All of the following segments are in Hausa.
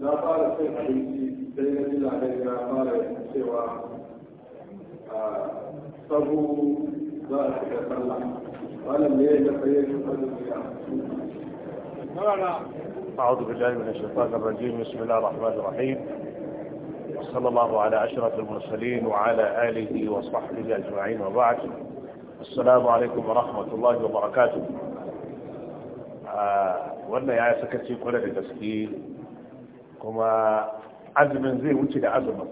na قال cin abinci sai na ji قال na fara cewa sabu za a shiga sallah wannan ne ya tsaye shi أعوذ بالله من الشيطان الرجيم بسم الله الرحمن الرحيم وصلى الله على أشرف المرسلين وعلى آله وصحبه أجمعين وبعد السلام عليكم ورحمة الله وبركاته آه وانا يا سكتي كل التسكين kuma azumin zai wuce da azumin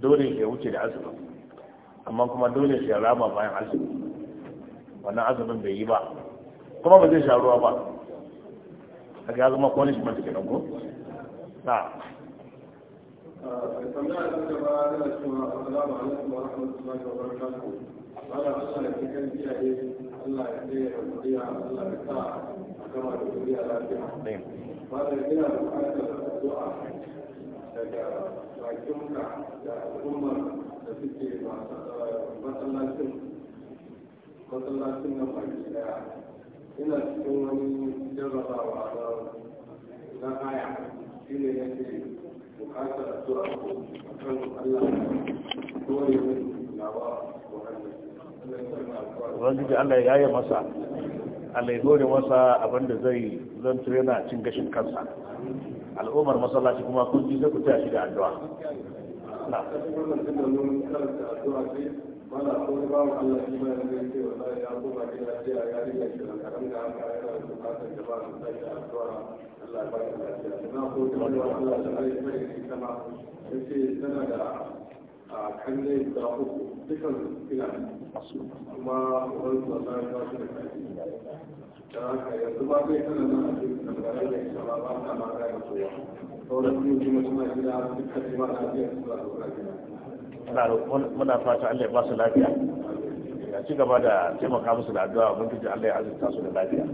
dole ya wuce da azumin amma kuma dole ya rama bayan azumin wannan azumin bai yi ba kuma ba zai sharuwa ruwa ba a ga zama kwanin shi ko na Allah ya malam kada buƙatar addu'a daga bakinka da al'ummar da suke masu eh, matsalacin matsalacin ina wani jarrabawa na haya kan Allah dole ne nawa Allah ya yi masa Allah ya dore masa abinda zai zanto yana cin gashin kansa al'ummar masallaci kuma kun ji zai ku da shi da a addu'a na kama tana a kan zai guda uku dukkan ina kuma wani tsasa ya ba shi da kaji da haka yanzu ba zai kana nan a cikin dangane da ita ba ba ta mata ya kowa sauran biyu kuma suna gida dukkan jima na biya su za su muna fata Allah ya ba su lafiya ya ci gaba da taimaka musu da addu'a ubangiji Allah ya azurta su da lafiya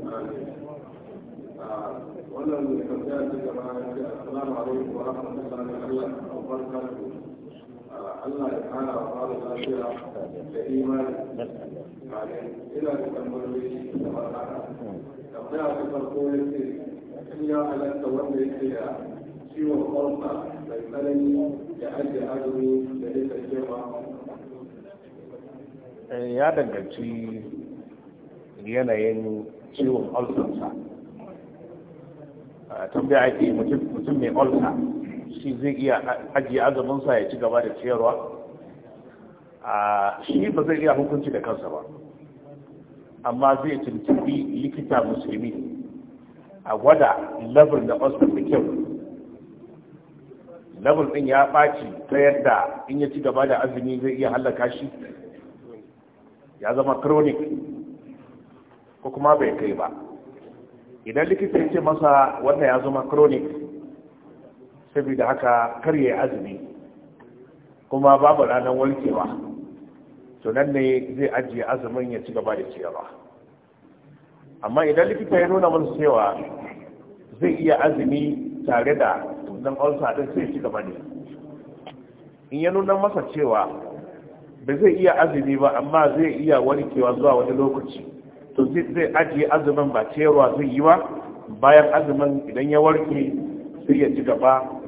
wannan da kamar da ta gaba assalamu alaikum wa rahmatullahi wa barakatuh Allah ya kara wa lafiya da imani amin ina da tambayoyi da farko in ya halatta wanda da ciwon mai tsanani ajiye azumi da ba. Eh, ya danganci yanayin ciwon ulcersa ah, tambaya ake mutum mai ulcer shi zai iya ajiye sa ya ci gaba da ciyarwa a shi ba zai iya hukunci da kansa ba amma zai tuntubi likita musulmi a gwada level da oscar da kyau level ɗin ya ɓaci ta yadda in ya ci gaba da azumi zai iya hallaka shi ya zama chronic ko kuma bai kai ba idan likita ya ce masa wannan ya zama chronic saboda haka kar ya azumi kuma babu ranar warkewa to nan ne zai ajiye azumin ya ci gaba da ciyarwa amma idan likita ya nuna masa cewa zai iya azumi tare da tunan ulcer din sai ci gaba ne in ya nuna masa cewa ba zai iya azumi ba amma zai iya warkewa zuwa wani lokaci to zai ajiye azumin ba ciyarwa zai yi ba bayan azumin idan ya warke sai ya ci gaba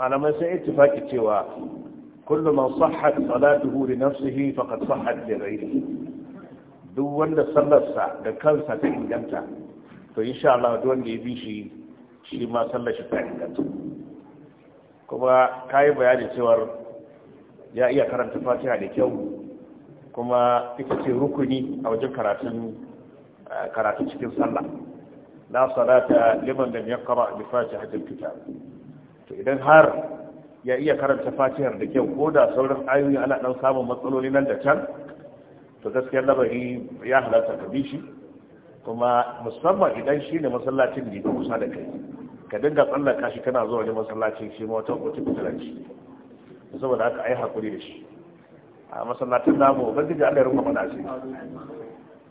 malamai sun ittifaki cewa kullum man sahhat salatuhu li nafsihi faqad sahhat li ghayrihi duk wanda sallarsa da kansa ta inganta to insha Allah duk wanda ya bi shi shi ma sallar shi ta inganta kuma kayi bayani cewar ya iya karanta fatiha da kyau kuma ita ce rukuni a wajen karatun eh, karatu cikin sallah la salata liman lam yaqra bi fatihatil kitab to idan har ya iya karanta fatihar da kyau ko da sauran ayoyi ana ɗan samun matsaloli nan da can to gaskiyar labari ya halatta ka bi shi kuma musamman idan shi ne masallacin da ya kusa da kai ka dinga tsallaka shi kana zuwa wani masallacin shi ma wata wata kusuranci saboda haka ai hakuri da shi a masallacin namu ban da Allah ya mana ce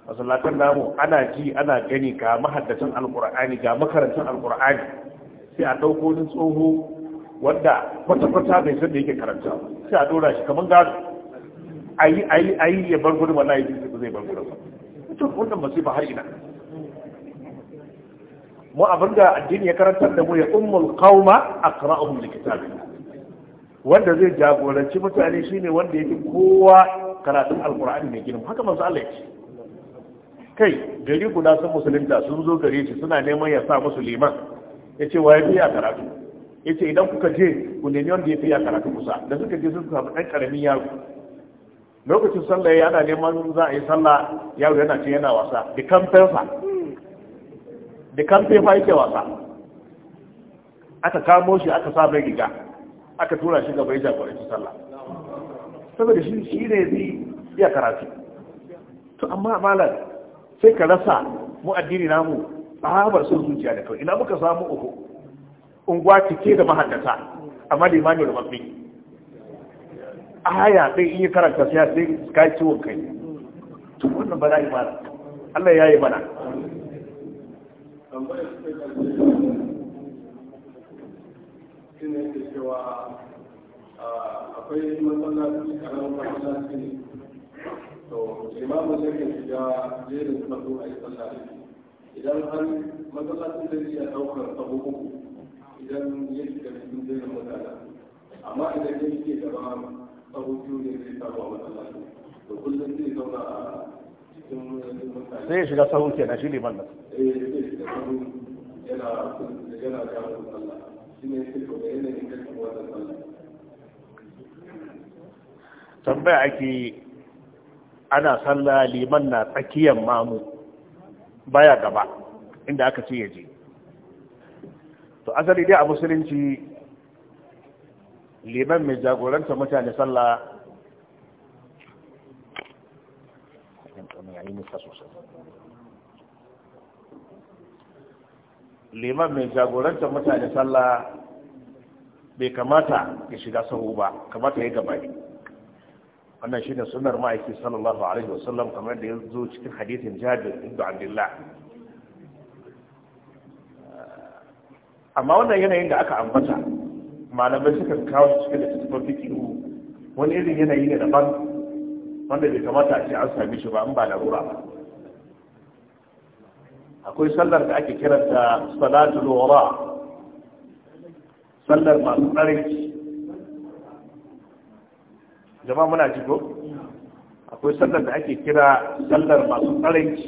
masallacin namu ana ji ana gani ga mahaddacin Alƙur'ani, ga makarantar Alƙur'ani. sai a ɗauko wani tsoho wanda kwata-kwata bai san da yake karanta sai a ɗora shi kamar gado A yi ya bar wani wallahi ba zai bar gudu ba mutum wannan masifa har ina mu abin da addini ya karanta da mu ya ummul qauma aqra'uhum likitabillah wanda zai jagoranci mutane shine wanda yake kowa karatun alqur'ani mai girma haka manzo Allah ce. kai gari guda sun musulunta sun zo gare shi suna neman ya sa musu liman ya ce waye biya karatu ya ce idan kuka je ku nemi wanda ya fiya karatu kusa da suka je sun samu ɗan ƙaramin yaro lokacin sallah ya ana neman za a yi sallah yaro yana ce yana wasa da kamfensa da yake wasa aka kamo shi aka sa mai giga aka tura shi gaba ya jagoranci sallah saboda shi shi ne zai iya karatu to amma malam sai ka rasa mu addini namu tsabar sun zuciya da kawai ina muka samu uku unguwa cike da mahaddata amma limami da mafi aya ɗai in yi karanta siya sai ka yi ciwon kai to wannan ba za yi mana Allah ya yi mana ah, akwai matsalaci karamin matsalaci ne to imamu zai shiga jerin mazo a yi tsallari إذن هل ما تقلت الذي يتوكر طبقه إذن يجب أن يكون دينا مدالا أما إذا كان يجب تمام طبقون يجب تبع مدالا وكل ذلك يتوقع سيش لا سهول كان أجيل يبنى إيه سيش لا سهول يلا عرفتم لجنا جعله مدالا سنة يتلقوا بأينا يجب مدالا تنبعك أنا صلى لي منا تكيا مامو baya gaba inda aka ce ya je to asali dai a musulunci liman mai jagoranta mutane sallah liman mai jagoranta mutane sallah bai kamata ya shiga sahu ba kamata ya gabani wannan shine sunnar ma'aiki sallallahu alaihi wasallam kamar da ya zo cikin hadithin jabir ibn abdullah amma wannan yanayin da aka ambata malamai suka kawo shi cikin littattafan fikihu wani irin yanayi ne daban wanda bai kamata a ce an sami shi ba in ba larura ba akwai sallar da ake kiranta salatul wara sallar masu tsarki jama'a muna ji ko akwai sallar da ake kira sallar masu tsaranci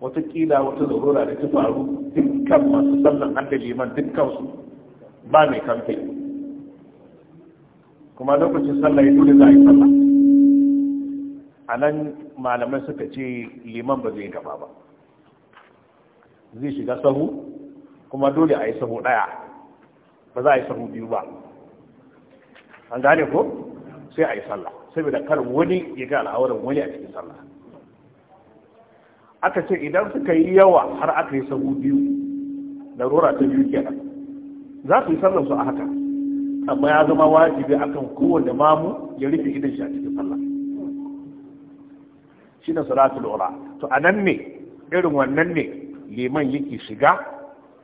watakila wata zarura da ta faru dukkan masu sallar an da liman su ba mai kamfe kuma lokacin sallar ya dole za a yi sallar a nan malamai suka ce liman ba zai gaba ba zai shiga sahu kuma dole a yi sahu ɗaya ba za a yi sahu biyu ba an gane ko sai a yi sallah saboda kar wani ya ga al'auran wani a cikin sallah aka ce idan suka yi yawa har aka yi sahu biyu rora ta biyu kenan za su yi sallar su a haka amma ya zama wajibi akan kowanne mamu ya rufe idan shi a cikin sallah shi na salatul ura to a nan ne irin wannan ne liman yake shiga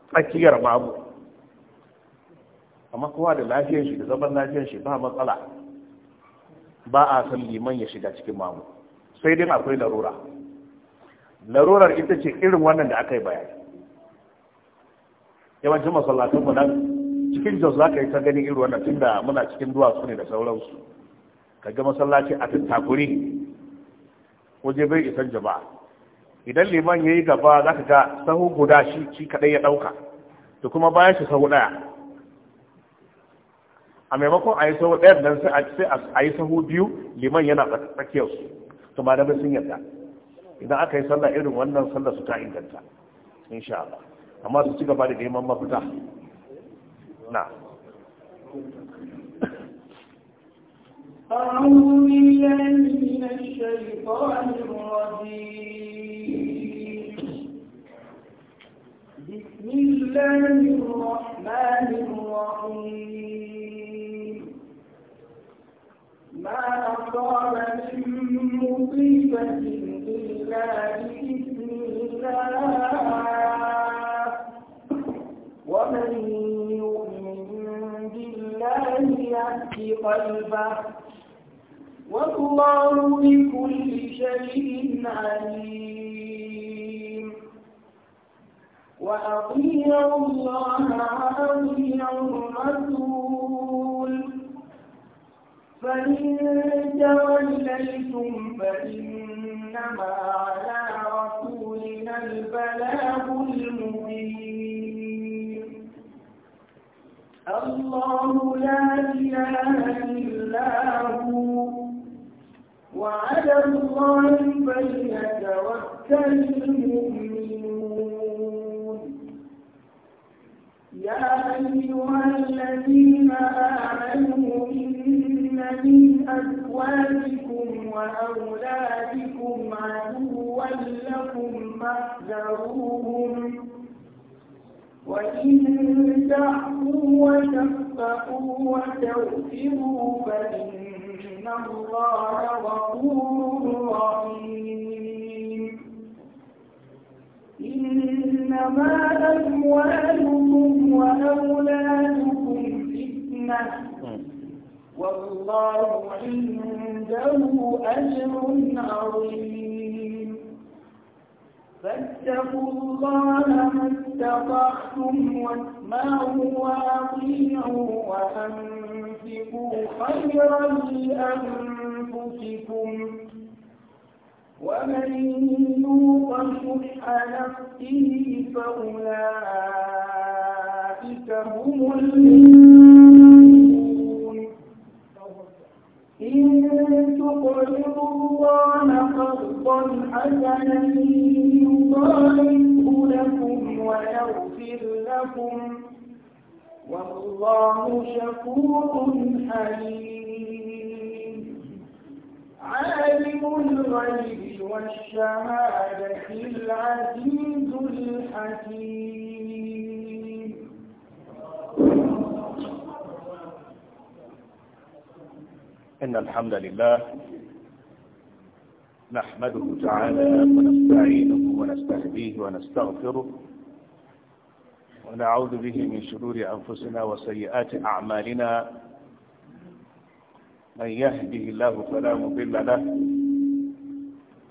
tsakiyar mamu amma kowa da lafiyar shi da zaman lafiyar shi ba matsala ba a san liman ya shiga cikin mamu sai dai akwai larura larurar ita ce irin wannan da aka yi bayani yawancin mu nan cikin jos za ka yi ta gani irin wannan tunda muna cikin duwatsu ne da sauransu ka ga masallaci a tattakuri waje bai isan jama'a idan liman ya yi gaba za ka ga sahu guda shi shi kaɗai ya ɗauka da kuma bayan shi sahu ɗaya a maimakon a yi sahu ɗayan nan sai a yi sahu biyu liman yana tsakiyar su to malamai sun yarda idan aka yi sallah irin wannan sallah su ta inganta insha Allah amma su ci gaba da neman mafita na أعوذ بالله من الشيطان الرجيم بسم الله الرحمن الرحيم ما أصاب من مصيبة إلا بإذن الله ومن يؤمن بالله يهد قلبه والله بكل شيء عليم وأطيع الله وأطيعوا الرسول فإن توليتم فإنما على رسولنا البلاغ المبين الله لا إله إلا هو وعلى الله فليتوكل المؤمنون يا أيها الذين آمنوا من أزواجكم وأولادكم عدوا لكم فاحذروهم وإن تعفوا وتفقهوا وتغفروا فإن الله غفور رحيم إنما أموالكم وأولادكم فتنة والله عنده أجر عظيم فاتقوا الله ما استطعتم واسمعوا وأطيعوا وأنفقوا خيرا لأنفسكم ومن يوق شح نفسه فأولئك هم المؤمنون يقرضوا الله قرضا حسنا يضاعفه لكم ويغفر لكم والله شكور حليم عالم الغيب والشهادة العزيز الحكيم إن الحمد لله نحمده تعالى ونستعينه ونستهديه ونستغفره ونعوذ به من شرور أنفسنا وسيئات أعمالنا من يهده الله فلا مضل له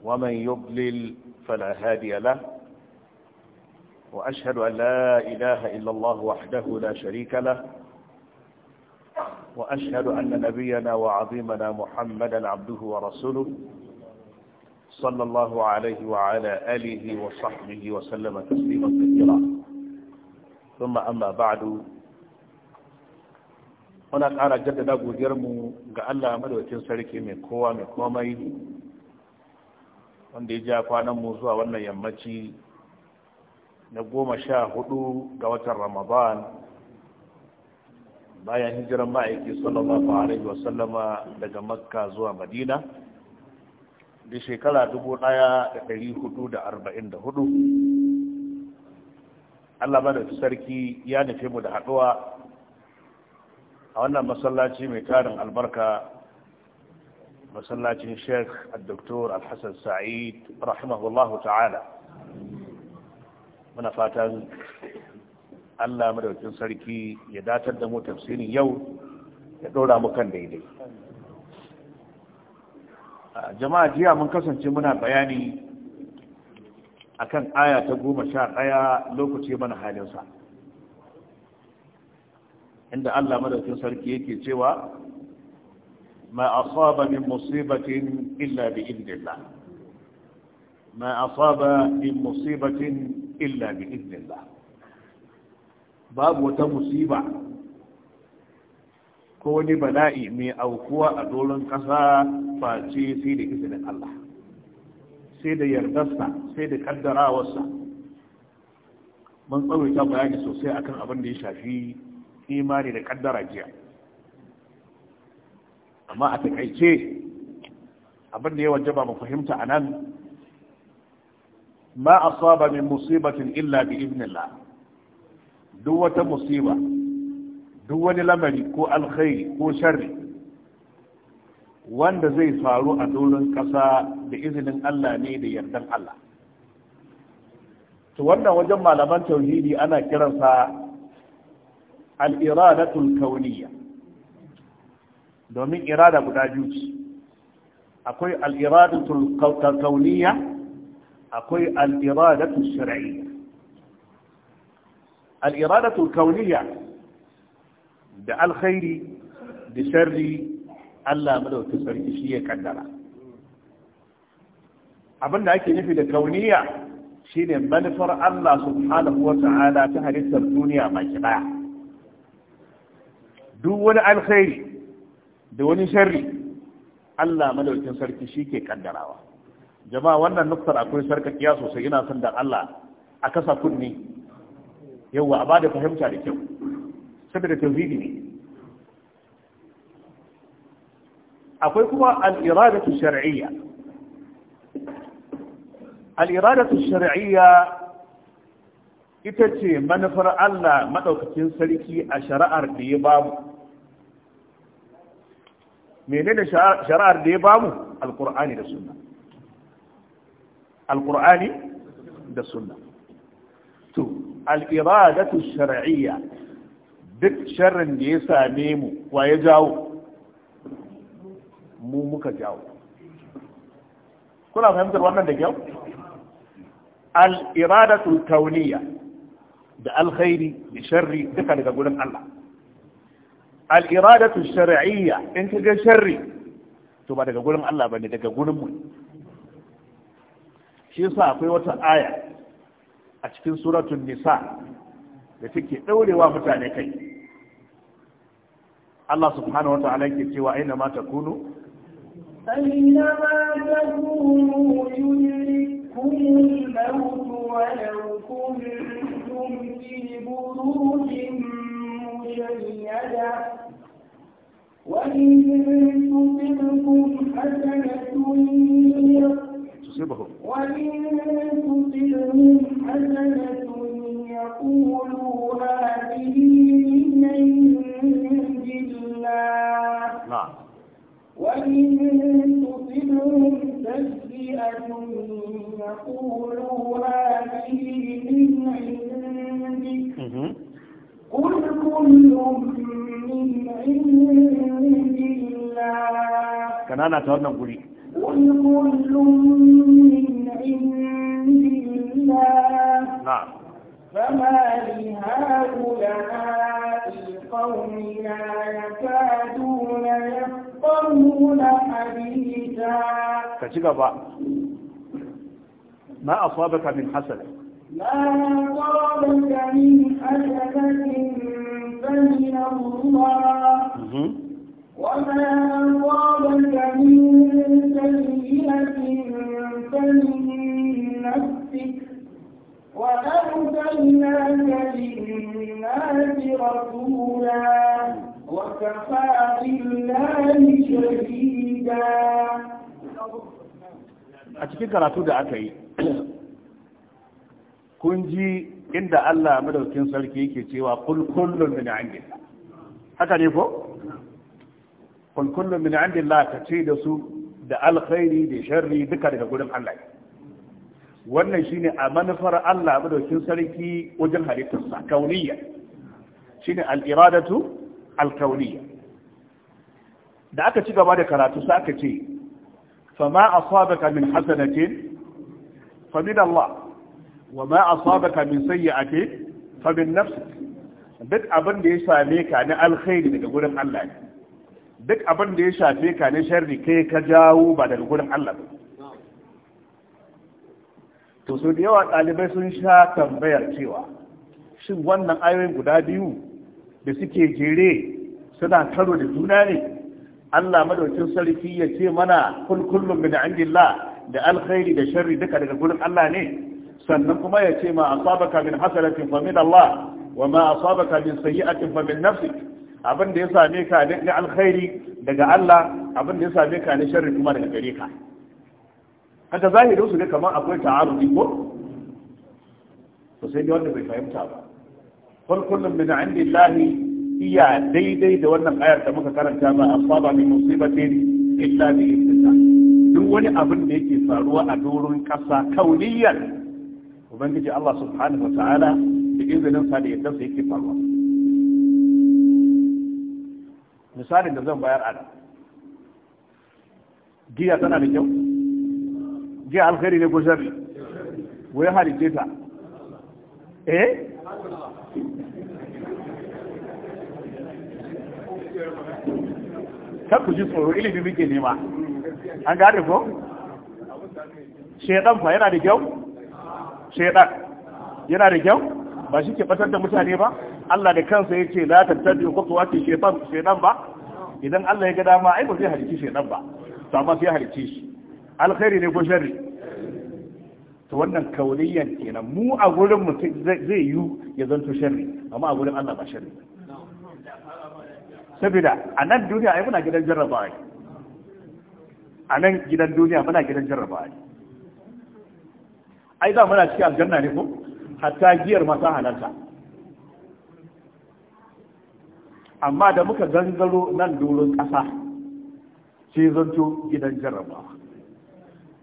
ومن يضلل فلا هادي له وأشهد أن لا إله إلا الله وحده لا شريك له وأشهد أن نبينا وعظيمنا محمدا عبده ورسوله صلى الله عليه وعلى آله وصحبه وسلم تسليما كثيرا ثم أما بعد هنا قال جد أبو جرمو قال الله مدوة تنسلك من قوة من قوة مين وندي جاء فانا موزوة وانا يمتي نقوم شاهدو قوة رمضان بايا هجر مائكي صلى الله عليه وسلم لجمكة زوى مدينة مدينة da shekara 1444 Allah ba da sarki ya nufi mu da haɗuwa a wannan masallaci mai tarin albarka masallacin sheikh al-doktor al-hassan sa'id rahimahullahu ta'ala muna fatan Allah madaukin sarki ya datar da mu tafsirin yau ya ɗora mu kan daidai jama'a jiya mun kasance muna bayani akan aya ta goma sha ɗaya lokaci mana halinsa inda Allah madaukin sarki yake cewa ma asaba min musibatin illa bi idnillah ma asaba min musibatin illa bi idnillah babu wata musiba ko wani bala'i mai aukuwa a doron ƙasa face sai da izinin Allah sai da yardarsa sai da kaddarawarsa mun tsawaita bayani sosai akan abin da ya shafi imani da kaddara jiya amma a takaice abin da ya wajaba mu fahimta a nan ma asaba min musibatin illa bi idnillah duk wata musiba duk wani lamari ko alkhairi ko sharri wanda zai faru a doron ƙasa da izinin Allah ne da yardan Allah to wannan wajen malaman tauhidi ana kiransa al'iradatul kauniya domin irada guda biyu ce akwai al'iradatul kauniya akwai al'iradatul shari'iyya al'iradatul kauniya da alkhairi da sharri Allah madaukakin sarki shi ya kaddara abinda ake nufi da kauniya shine manufar Allah subhanahu wata'ala ta halittar duniya baki daya duk wani alkhairi da wani sharri Allah madaukakin sarki shi ke kaddarawa jama'a wannan nuktar akwai sarkakiya sosai ina son da Allah a kasa kunni yawa a bada fahimta da kyau saboda tauhidi ne akwai kuma al-iradatu shar'iyya ita ce manufar Allah madaukakin sarki a shari'ar da ya bamu menene shari'ar da ya bamu al da suna. da to shar'iyya duk sharrin da ya same mu wa ya jawo mu muka jawo kuna fahimtar wannan da kyau al-iradatu da alkhairi da sharri duka daga gurin Allah al-iradatu shar'iyya in kaga sharri to ba daga gurin Allah bane daga gurin mu shi yasa akwai wata aya a cikin suratun nisa da take daurewa mutane kai الله سبحانه وتعالى ta'ala yake cewa aina أينما تكونوا يدرككم الموت ولو كنتم في بروج مشيدة وإن تصبكم حسنة تصيبهم وإن تصبهم حسنة يقولوا هذه من نعم وإن تصبهم سيئة يقولوا هذه من عندك قل كل من عند الله كان تهرنا قولي قل كل من عند الله نعم فما لهؤلاء القوم لا يكادون يفقهون حديثا كتب ما أصابك من حسنة ما أصابك من حسنة فمن الله وما أصابك من سيئة فمن نفسك وأرسلناك للناس رسولا وكفى بالله شهيدا a cikin karatu da aka yi kun ji inda Allah madaukin sarki yake cewa kul kullun min indillah haka ne ko kul kullun min indillah ka ce da su da alkhairi da sharri duka daga gurin Allah ne wannan shine a manufar Allah madaukin sarki wajen halittarsa kauniya shine al-iradatu al-kauniya da aka ci gaba da karatu sai aka ce Fa fama asabaka min hasanatin fa min Allah wa ma asabaka min sayyi'atin fa min nafsik duk abin da ya same ka na alkhairi daga gurin Allah ne duk abin da ya shafe ka na sharri kai ka jawo ba daga gurin Allah ba to da yawa ɗalibai sun sha tambayar cewa shin wannan ayoyin guda biyu da suke jere suna taro da juna ne Allah madaukin sarki ya ce mana kulkullum kullum min indillah da alkhairi da sharri duka daga gurin Allah ne sannan kuma ya ce ma asabaka min hasanatin fa min Allah wa ma asabaka min sayyi'atin fa min nafsik abin da ya same ka na alkhairi daga Allah abin da ya same ka na sharri kuma daga gare ka haka zahirin su ne kamar akwai ta'arudi ko to sai dai wanda bai fahimta ba kul kullun min indillahi iya daidai da wannan ayar da muka karanta ba asaba min musibatin illa bi duk wani abin da yake faruwa a dorin kasa kauniyar ubangiji Allah subhanahu wataala da izinin sa da yadda sa yake faruwa misalin da zan bayar a ana giya tana da kyau jiya alkhairi ne ko sharri ya halice ta eh kar ku ji tsoro ilimi muke nema an gane ko shaidan fa yana da kyau shaidan yana da kyau ba shi ke batar da mutane ba Allah da kansa ya ce la tattabi khutuwati shaitan shaidan ba idan Allah ya ga dama ai ba zai halici shaidan ba to amma sai halici shi alkhairi ne ko sharri to wannan kauliyan kenan mu a gurin mutum zai yi ya zanto sharri amma a gurin Allah ba sharri saboda a nan duniya ai muna gidan ai a nan gidan duniya muna gidan jarraba ai da muna cikin aljanna ne ko hatta giyar mata halarta amma da muka gangaro nan durin ƙasa sai zanto gidan jarrabawa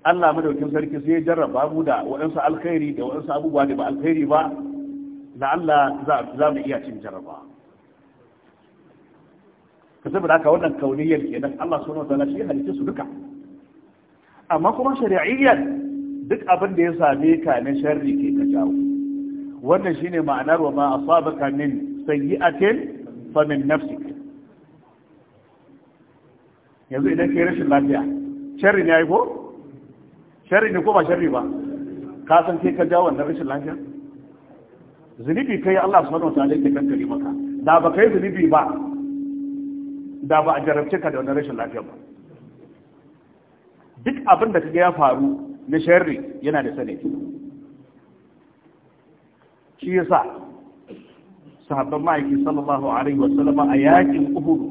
Allah madaukin sarki sai ya jarraba mu da waɗansu alkhairi da waɗansu abubuwa da ba alkhairi ba da Allah za mu iya cin jarraba ka saboda haka wannan kauniyar kenan Allah subhanahu wataala shi halitta su duka amma kuma shari'iyyar duk abin da ya same ka na sharri ke ka jawo wannan shine ma'anar wa ma asabaka min sayyi'atin fa min nafsik yanzu idan kai rashin lafiya sharri ne ai ko sharri ne ko ba sharri ba ka san kai ka jawo wannan rashin lafiya zunubi kai Allah subhanahu wa ta'ala yake kankare maka da ba kai zunubi ba da ba a jarabce ka da wannan rashin lafiya ba duk abin da kaga ya faru na sharri yana da sanadi shi yasa sahabban ma'aiki sallallahu alaihi wa sallama a yakin Uhudu.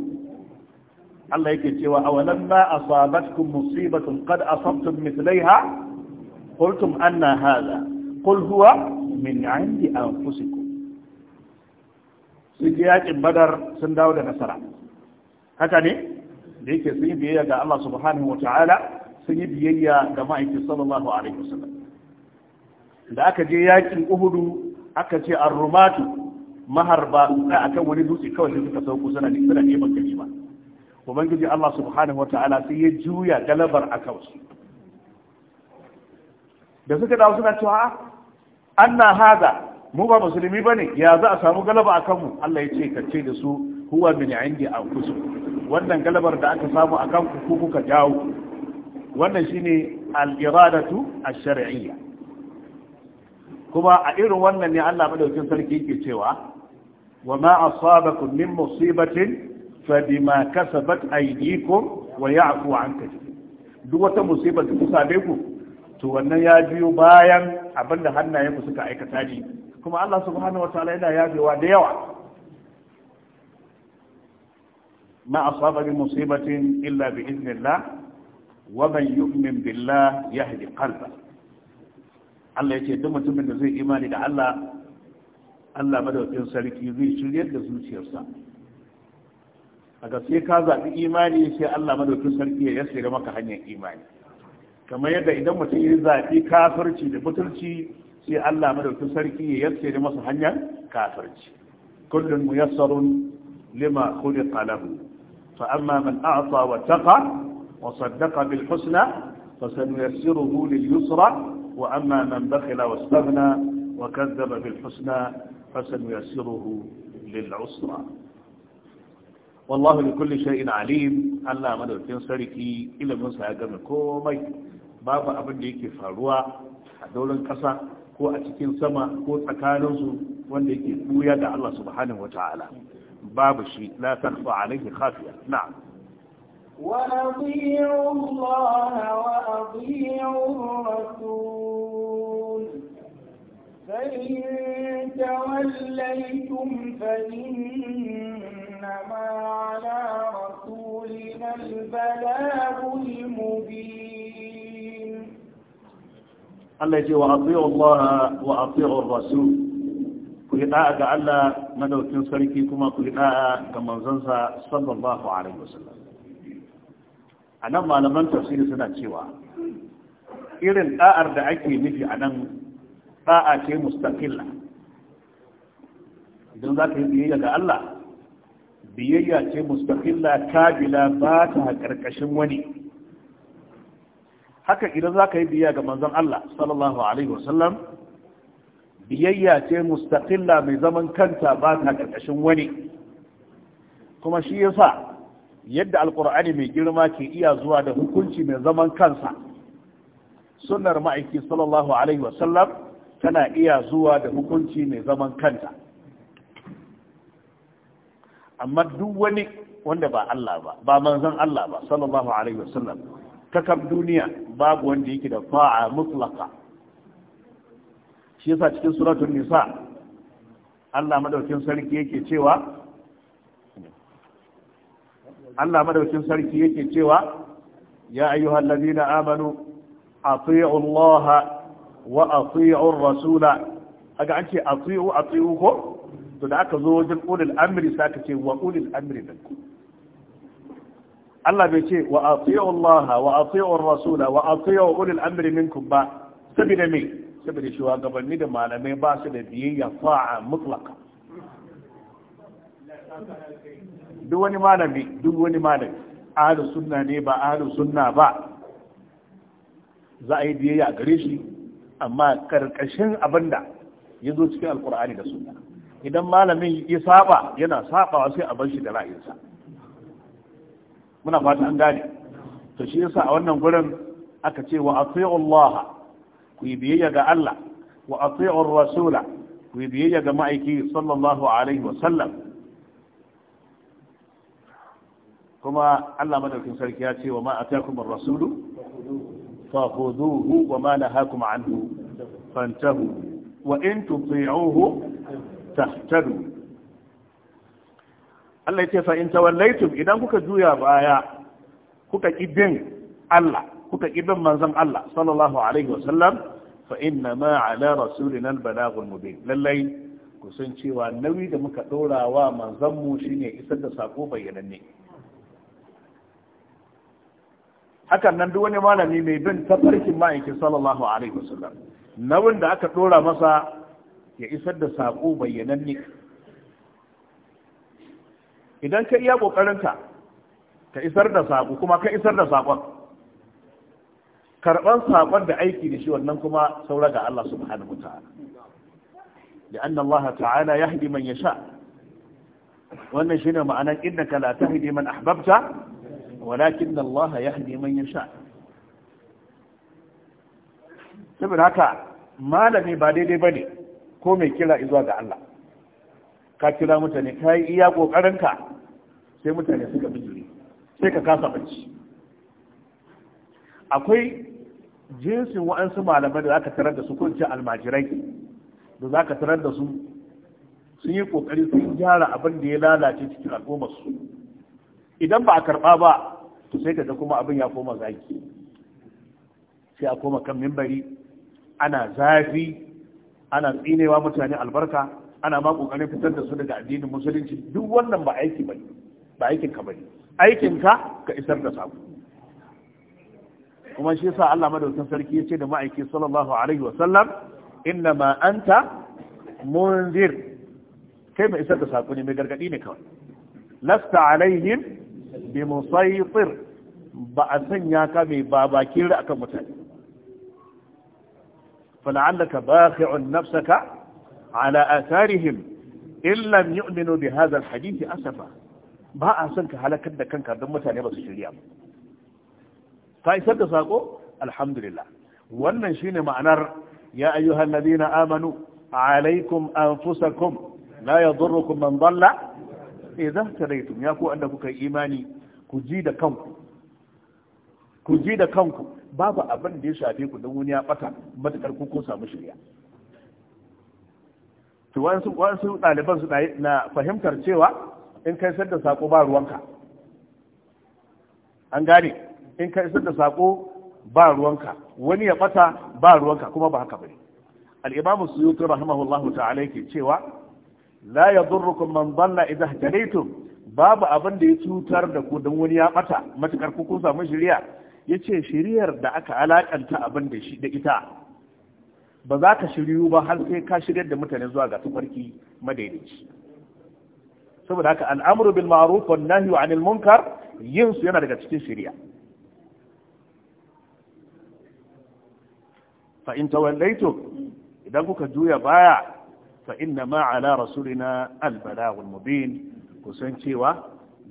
Allah yake cewa a awalan ma asabatkum musibatun qad asabtum mithlaiha qultum anna na qul huwa min 'indi anfusikum sun je yakin badar sun dawo da nasara haka ne da yake sun yi biyayya ga Allah subhanahu wa ta'ala sun yi biyayya ga ma'aikin sallallahu alaihi wasallam da aka je yakin uhudu aka ce rumatu maharba a kan wani dutse kawai sai suka sauko suna ne suna neman ganima ubangiji Allah subhanahu wata'ala sai ya juya galabar a kansu da suka dawo suna cewa ah, na hada mu ba musulmi bane ya za a samu galaba a kanmu Allah ya ce kace da su huwa min indi anfusikum wannan galabar da aka samu akan kanku ku kuka jawo? wannan shine al-iradatu ash-shar'iyya kuma a irin wannan ne Allah madaukakin sarki yake cewa wa ma asabakum min musibatin فبما كسبت أيديكم ويعفو عن كثير duk wata musibar da ta same ku to wannan ya biyo bayan abin da hannayen ku suka aikata ne kuma Allah subhanahu wataala yana yafewa da yawa ma asaba min musibatin illa bi idnillah wa man yu'min billah yahdi qalba Allah yace duk mutumin da zai imani da Allah Allah madaukakin sarki zai shiryar da zuciyarsa a gaske ka zaɓi imani sai Allah madaukin sarki ya yassare maka hanyar imani kamar yadda idan mutum ya zaɓi kafirci da butulci sai Allah madaukin sarki ya yassare masa hanyar kafirci kullun muyassarun lima khuliqa lahu fa amma man a'ta wa taqa wa saddaqa bil husna fa sanuyassiruhu lil yusra wa amma man فسنيسره لليسرى wa من bil husna fa sanuyassiruhu lil usra والله لكل شيء عليم الله مدوكين سريكي إلا من سيقام كومي بابا أبن ديكي فاروا دولا كسا هو أتكين سما هو تكالنسو وانديكي ويدع الله سبحانه وتعالى باب الشيء لا تخفى عليه خافية نعم وأضيعوا الله وأضيعوا الرسول فإن توليتم فإن إنما على رسولنا البلاغ المبين الذي وأطيع الله وأطيع الرسول كل داء قال مدوكين سركي كما كل داء كما زنسى صلى الله عليه وسلم أنا ما لمن suna cewa irin da'ar da ake nufi a nan da'a ce mustaqilla idan za ka yi biyayya ga Allah biyayya ce mustaqilla kabila ba ta karkashin wani haka idan za ka yi biyayya ga manzon Allah sallallahu alaihi wasallam biyayya ce mustaqilla mai zaman kanta ba ta karkashin wani kuma shi yasa yadda alƙur'ani mai girma ke iya zuwa da hukunci mai zaman kansa sunnar ma'aiki sallallahu alaihi wasallam tana iya zuwa da hukunci mai zaman kanta amma duk wani wanda ba Allah ba ba manzon Allah ba sallallahu alaihi wasallam ta kam duniya babu wanda yake da fa'a mutlaka shi yasa cikin suratul nisa Allah madaukin sarki yake cewa Allah madaukin sarki yake cewa ya ayyuhal ladina amanu atii'u Allah wa ati'u rasula aga an ce atii'u ati'u ko to da aka zo wajen ulil amri sai aka ce wa ulil amri minkum Allah bai ce wa atiyu Allah wa atiyu Rasula wa atiyu ulil amri minkum ba saboda me saboda shugabanni da malamai ba su da biyayya fa'a mutlaka duk wani malami duk wani malami ahlus sunna ne ba ahlus sunna ba za a yi biyayya a gare shi amma karkashin abinda ya zo cikin alkur'ani da sunna idan malamin ya saba yana sabawa sai a bar shi da ra'ayinsa muna fata an gane to shi yasa a wannan gurin aka ce wa ati'u Allah ku yi biyayya ga Allah wa ati'u rasula ku yi biyayya ga ma'aiki sallallahu alaihi wa sallam kuma Allah madaukin sarki ya ce wa ma atakum ar-rasulu fa wa ma nahakum anhu fantahu wa in tuti'uhu tahtadu Allah ya ce fa in idan kuka juya baya kuka kibin Allah kuka kibin manzon Allah sallallahu alaihi wasallam fa inna ma ala rasulina al-balaghul mubin lallai ku san cewa nauyi da muka dora wa manzon mu shine isar da sako bayyananne hakan nan duk wani malami mai bin tafarkin ma'aikin sallallahu alaihi wasallam da aka dora masa ya isar da saƙo ne? idan ka iya ƙoƙarinta ka isar da saƙo kuma ka isar da saƙon karɓar saƙon da aiki da shi wannan kuma saura ga Allah subhanahu wa ta'ala da annan Allah ta'ala ya haɗi man ya sha wannan shi ne ma'anar innaka la tahdi man ahbabta walakin Allah ya haɗi man ya sha saboda haka malami ba daidai ba ne ko mai kira izuwa ga Allah ka kira mutane ka yi iya ƙoƙarinka sai mutane suka bijiri sai ka kasa bacci akwai jinsin wa'ansu malamai da za ka tarar da su kunce almajirai da za ka tarar da su sun yi ƙoƙari sun gyara abin da ya lalace cikin al'ummarsu idan ba a karɓa ba to sai ka kuma abin ya koma zaki sai a koma kan mimbari ana zafi ana tsinewa mutane albarka ana ma kokarin fitar da su daga addinin musulunci duk wannan ba aiki bane ba aikin ka bane aikin ka ka isar da sako kuma shi yasa Allah madaukakin sarki ya ce da ma'aiki sallallahu alaihi wa sallam inna ma anta munzir kai mai isar da sako ne mai gargadi ne kawai lasta alaihim bi musaytir ba a sanya ka mai babakin akan mutane فلعلك باخع نفسك على آثارهم إن لم يؤمنوا بهذا الحديث أسفا ba a son ka halakar da kanka don mutane ba su shirya ba ta isar da sako alhamdulillah wannan shine ma'anar ya ayyuhal ladina amanu alaikum anfusakum la yadurrukum man dalla idza tadaytum ya ku anda kuka imani ku ji da kanku ku ji da kanku babu abin da ya shafe ku don wani ya bata matakar ku kun samu shirya to wasu wasu ɗaliban su na fahimtar cewa in kai sanda sako ba ruwanka an gane in kai sanda sako ba ruwanka wani ya bata ba ruwanka kuma ba haka bane al-imamu suyuti rahimahullahu ta'ala yake cewa la yadurrukum man dalla idha ihtadaytum babu abin da ya cutar da ku don wani ya bata matakar ku kun samu shirya ya ce shiriyar da aka alakanta abin da shi da ita ba za ka shiryu ba har sai ka shigar da mutane zuwa ga tafarki madaidaici saboda haka al'amuru bil ma'ruf wan nahyu 'anil munkar yin su yana daga cikin shiriya fa in tawallaitu idan kuka juya baya fa inna ma 'ala rasulina al balagh mubin kusan cewa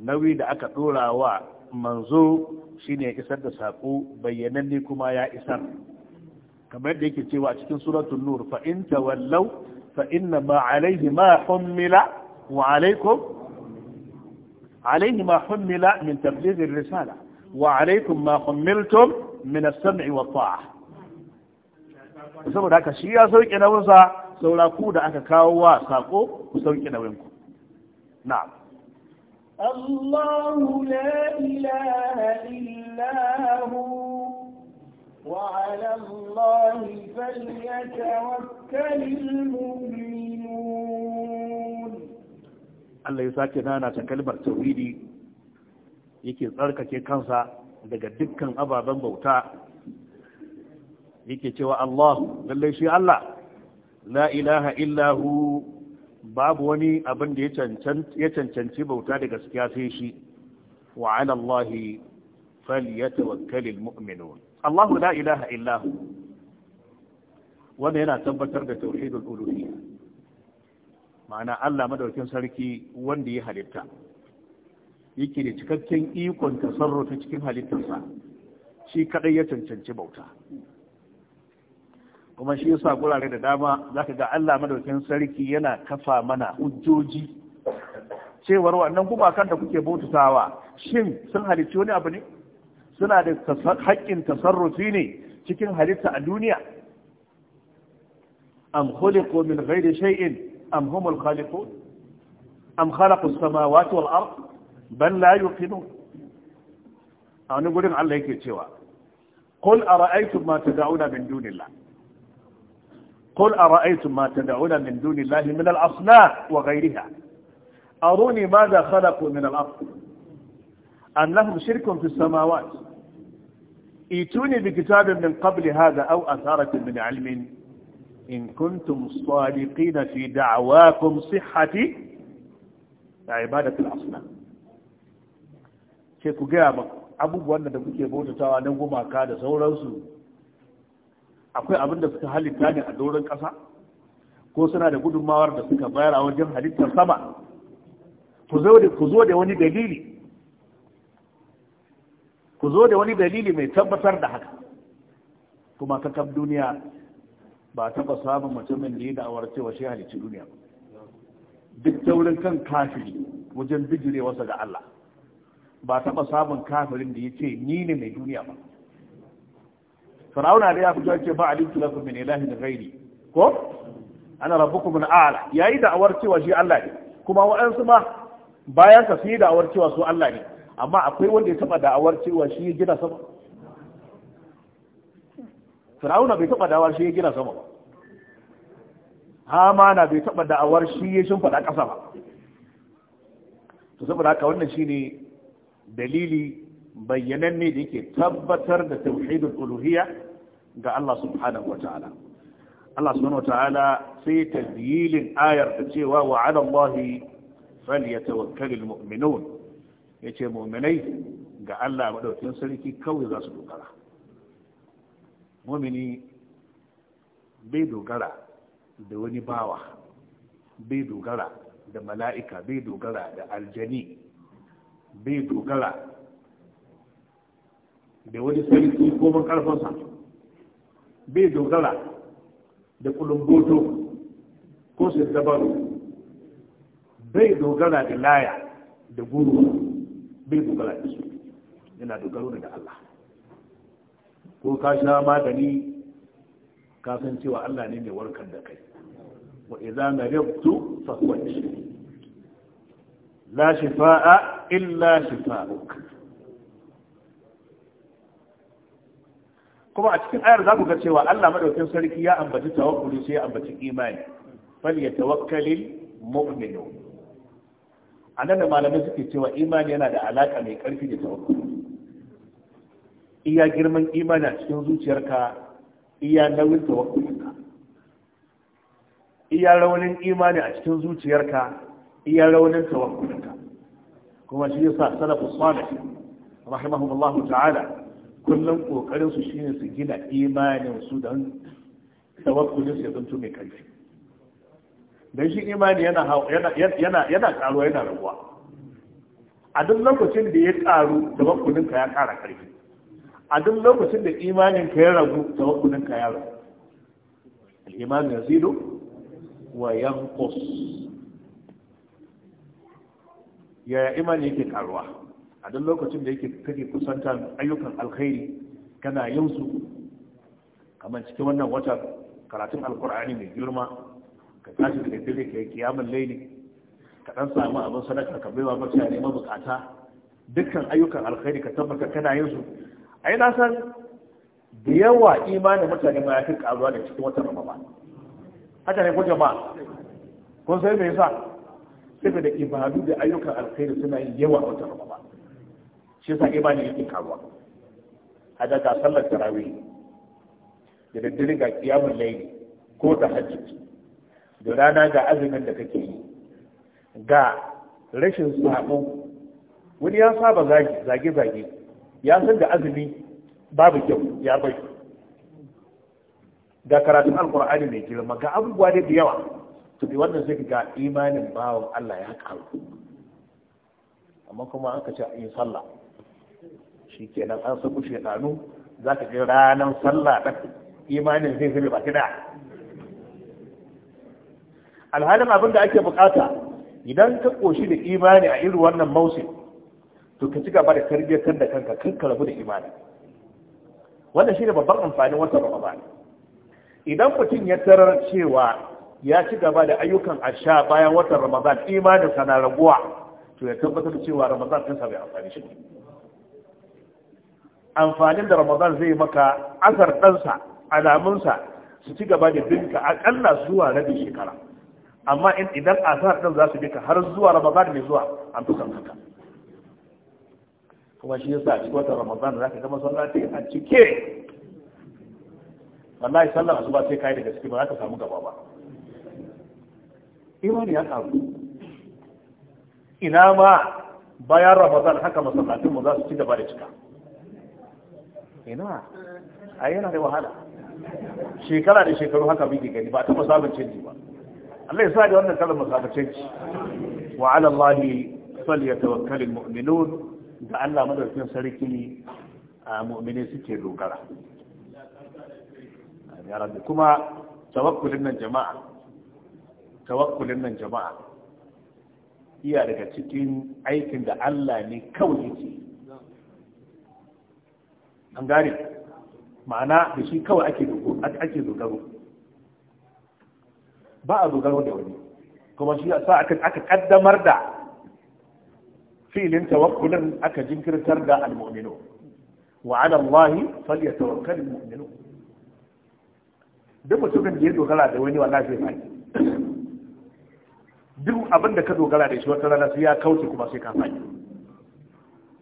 nauyi da aka dora wa manzo shine ya isar da sako ne kuma ya isar kamar da yake cewa a cikin suratun nur fa’in ta wallau fa inna ma alayhi ma hummila wa alaykum alayhi ma hummila min tabligh risala wa alaikum ma hummiltum min as-sam'i wa ta'a saboda haka shi ya sauke nauyinsa saura ku da aka kawo wa sako ku sauke nauyinku na'am الله لا إله إلا هو وعلى الله فليتوكل المؤمنون Allah ya sake nana ta kalmar yake tsarkake kansa daga dukkan ababen bauta yake cewa Allah lallai shi Allah la ilaha illahu babu wani abin da ya cancanci bauta da gaskiya sai shi wa ala Allahi falyatawakkalil mu'minun Allahu la ilaha illahu. wanda yana tabbatar da tauhidul uluhiyya ma'ana Allah madaukin sarki wanda ya halitta yake da cikakken ikon tasarrufi cikin halittarsa shi kadai ya cancanci bauta kuma shi yasa gurare da dama zaka ga Allah madaukin sarki yana kafa mana hujjoji cewar wannan gumakan da kuke bautawa shin sun halicci wani abu ne suna da haƙƙin tasarrufi ne cikin halitta a duniya am khuliqu min ghairi shay'in am al khaliqun am khalaqu samawati wal ard bal la yuqinun a wani gurin Allah yake cewa qul ara'aytum ma tad'una min dunillah قل أرأيتم ما تدعون من دون الله من الأصنام وغيرها أروني ماذا خلقوا من الأرض أم لهم شرك في السماوات ايتوني بكتاب من قبل هذا أو أثارة من علم إن كنتم صادقين في دعواكم صحة عبادة الأصنام شيخ قامك abubuwan da kuke bautatawa na gumaka da sauransu akwai abin da suka halitta ne a doron ƙasa ko suna da gudunmawar da suka bayar a wajen halittar sama ku zo da wani dalili ku zo da wani dalili mai tabbatar da haka kuma ta duniya ba taba samun mutumin da ya da'awar cewa shi halicci duniya duk taurin kan kafiri wajen bijirewarsa ga Allah ba taba samun kafirin da ya ce ni ne mai duniya ba Farauna da ya fito ya ce ba alimtu lakum min ilahin ghairi ko ana rabbukum al'ala yayi da'awar cewa shi Allah ne kuma wa'ansu ma bayan ka su da'awar cewa su Allah ne amma akwai wanda ya taba da'awar cewa shi ya gina sama Farauna bai taba da'awar shi ya gina sama ba hamana bai taba da'awar shi ya shimfada ƙasa ba to saboda haka wannan shine dalili ne da yake tabbatar da tauhidul uluhiyya ga Allah subhanahu wataala Allah subhanahu wataala sai tazyilin ayar da cewa wa 'ala Allahi falyatawakkal almu'minun yace mu'minai ga Allah madaukin sarki kawai za su dogara mu'mini bai dogara da wani bawa bai dogara da mala'ika bai dogara da aljani bai dogara da wani sarki ko karfansa. bai dogara da kulumboto ko su dabaru bai dogara da laya da guru bai dogara da su yana dogaro da Allah ko ka sha magani ka san cewa Allah ne mai warkar da kai wa idza maridtu fa la shifaa illa shifaa'uk kuma a cikin ayar za ku ga cewa Allah madaukakin sarki ya ambaci tawakkuli sai ya ambaci imani fal yatawakkalil mu'minun anan da malamai suke cewa imani yana da alaka mai karfi da tawakkuli iya girman imani a cikin zuciyarka iya nauyin tawakkulinka iya raunin imani a cikin zuciyarka iya raunin tawakkulinka kuma shi yasa salafu salih rahimahumullahu ta'ala kullum kokarin su shine su gina imanin su don tawakkulin su ya zanto mai karfi dan shi imani yana yana yana karuwa yana raguwa a duk lokacin da ya karu tawakkulin ka ya kara karfi a duk lokacin da imanin ka ya ragu tawakkulin ka ya ragu al-iman yazidu wa yanqus ya imani yake karuwa a duk lokacin da yake kake kusanta ayyukan alkhairi kana yin su kamar cikin wannan wata karatun alkur'ani mai girma ka tashi da dare ka yi kiyamun laili ka dan samu abin sadaka ka baiwa ma bukata dukkan ayyukan alkhairi ka tabbata kana yin su ai na san da yawa imanin mutane ma ya fi karuwa da cikin watan ba? haka ne ko jama'a kun sai me yasa saboda ibadu da ayyukan alkhairi suna yin yawa watan ba. shi yasa imani yake kawo hada ga sallar tarawih da daddare ga kiyamun laili ko da hajji da rana ga azumin da kake yi ga rashin sabo wani ya saba zage-zage ya san da azumi babu kyau ya bai Da karatun alkur'ani mai girma ga abubuwa da yawa to bi wannan sai ga imanin bawan Allah ya karu amma kuma aka ce a sallah shi kenan an saku shekaru za ka ji ranar sallah ɗan imanin zai zai ba kida alhalin abin da ake bukata idan ka ƙoshi da imani a irin wannan mausin to ka ci gaba da tarbiyyar da kanka kan ka rabu da imani wannan shine babban amfanin watan ba. idan mutum ya tarar cewa ya ci gaba da ayyukan asha bayan watan ramadan imanin sana raguwa to ya tabbatar cewa ramadan kansa bai amfani shi ne. amfanin da ramadan zai maka asar ɗansa alamunsa su ci gaba da binka aƙalla zuwa rabin shekara amma idan asar ɗan za su bika har zuwa ramadan mai zuwa an fi san haka kuma shi yasa a cikin watan ramadan za ka ga masallaci a cike wallahi sallar asuba sai kai daga ciki ba za ka samu gaba ba imani ya karu ina ma bayan ramadan haka masallatin mu za su ci gaba da cika ina a yana da wahala shekara da shekaru haka muke gani ba ta taɓa samun canji ba Allah ya sa da wannan kalmar samun canji wa ala Allah falyatawakkal almu'minun da Allah madaukakin sarki a mu'mini suke dogara ya rabbi kuma tawakkulin nan jama'a tawakkulin nan jama'a iya daga cikin aikin da Allah ne kawai yake an gane ma'ana da shi kawai ake dogaro ba a dogaro da wani kuma shi sa aka kaddamar da filin tawakkulin aka jinkirtar da almu'minu wa ala Allahi falyatawakkal almu'minu duk mutumin da ya dogara da wani wallahi zai fadi duk abin da ka dogara da shi wata rana sai ya kauce kuma sai ka fadi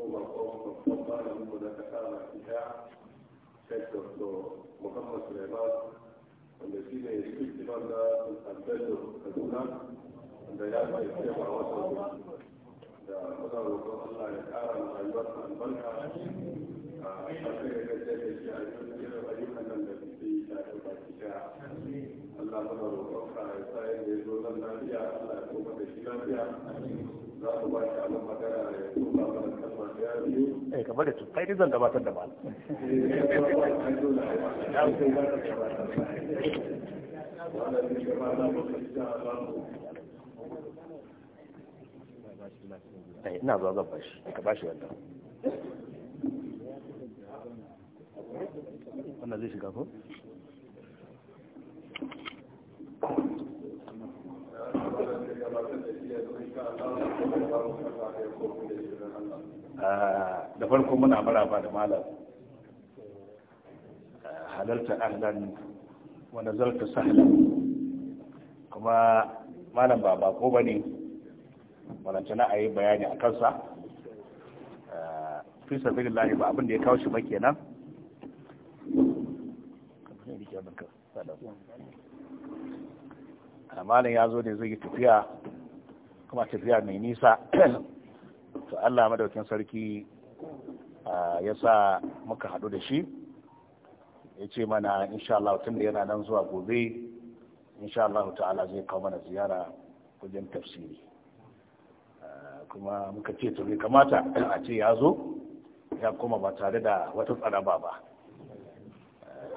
ko ba allah ya a ya a magana ya eh kamar da tuffai ne zan gabatar da eh, ina zuwa zan bashi ka bashi wannan wannan zai shiga ko Thank you. da farko muna maraba da malam halarta ahlan wa nazarta sahlan kuma malam ba bako ba ne marantana a yi bayani a kansa eh, fi sabbin lahi ba abin da ya kawo shi ba nan eh, malam ya zo ne zai yi tafiya kuma tafiya mai nisa to Allah madaukin sarki ya sa muka haɗu da shi ya ce mana insha Allah tun da yana nan zuwa gobe insha Allah ta'ala zai kawo mana ziyara wajen tafsiri kuma muka ce to kamata a ce ya zo ya koma ba tare da wata tsaraba ba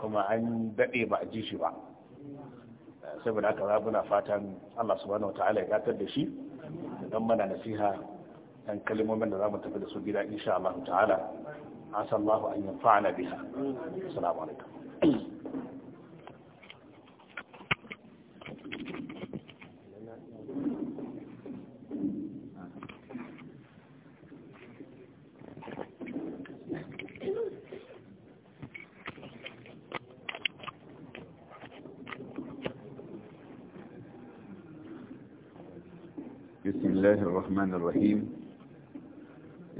kuma an daɗe ba a ji shi ba saboda haka rabuna fatan Allah subhanahu wa ta'ala ya gatar da shi don mana nasiha dan kalmomin da zamu tafi da su gida insha Allah ta'ala asa Allah an yanfa'ana biha assalamu alaikum بسم الله الرحمن الرحيم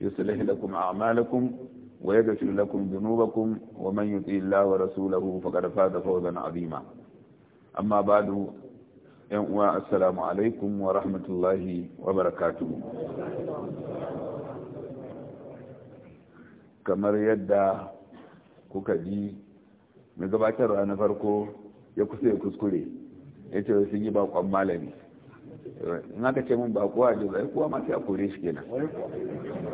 يصلح لكم أعمالكم ويغفر لكم ذنوبكم ومن يطيع الله ورسوله فقد فاز فوزا عظيما أما بعد ينقوى السلام عليكم ورحمة الله وبركاته كما yadda kuka من mai gabatarwa na يكسي يكسكولي kusa ya kuskure in aka ce mun bakuwa a jirai kuwa ma sai a shi kenan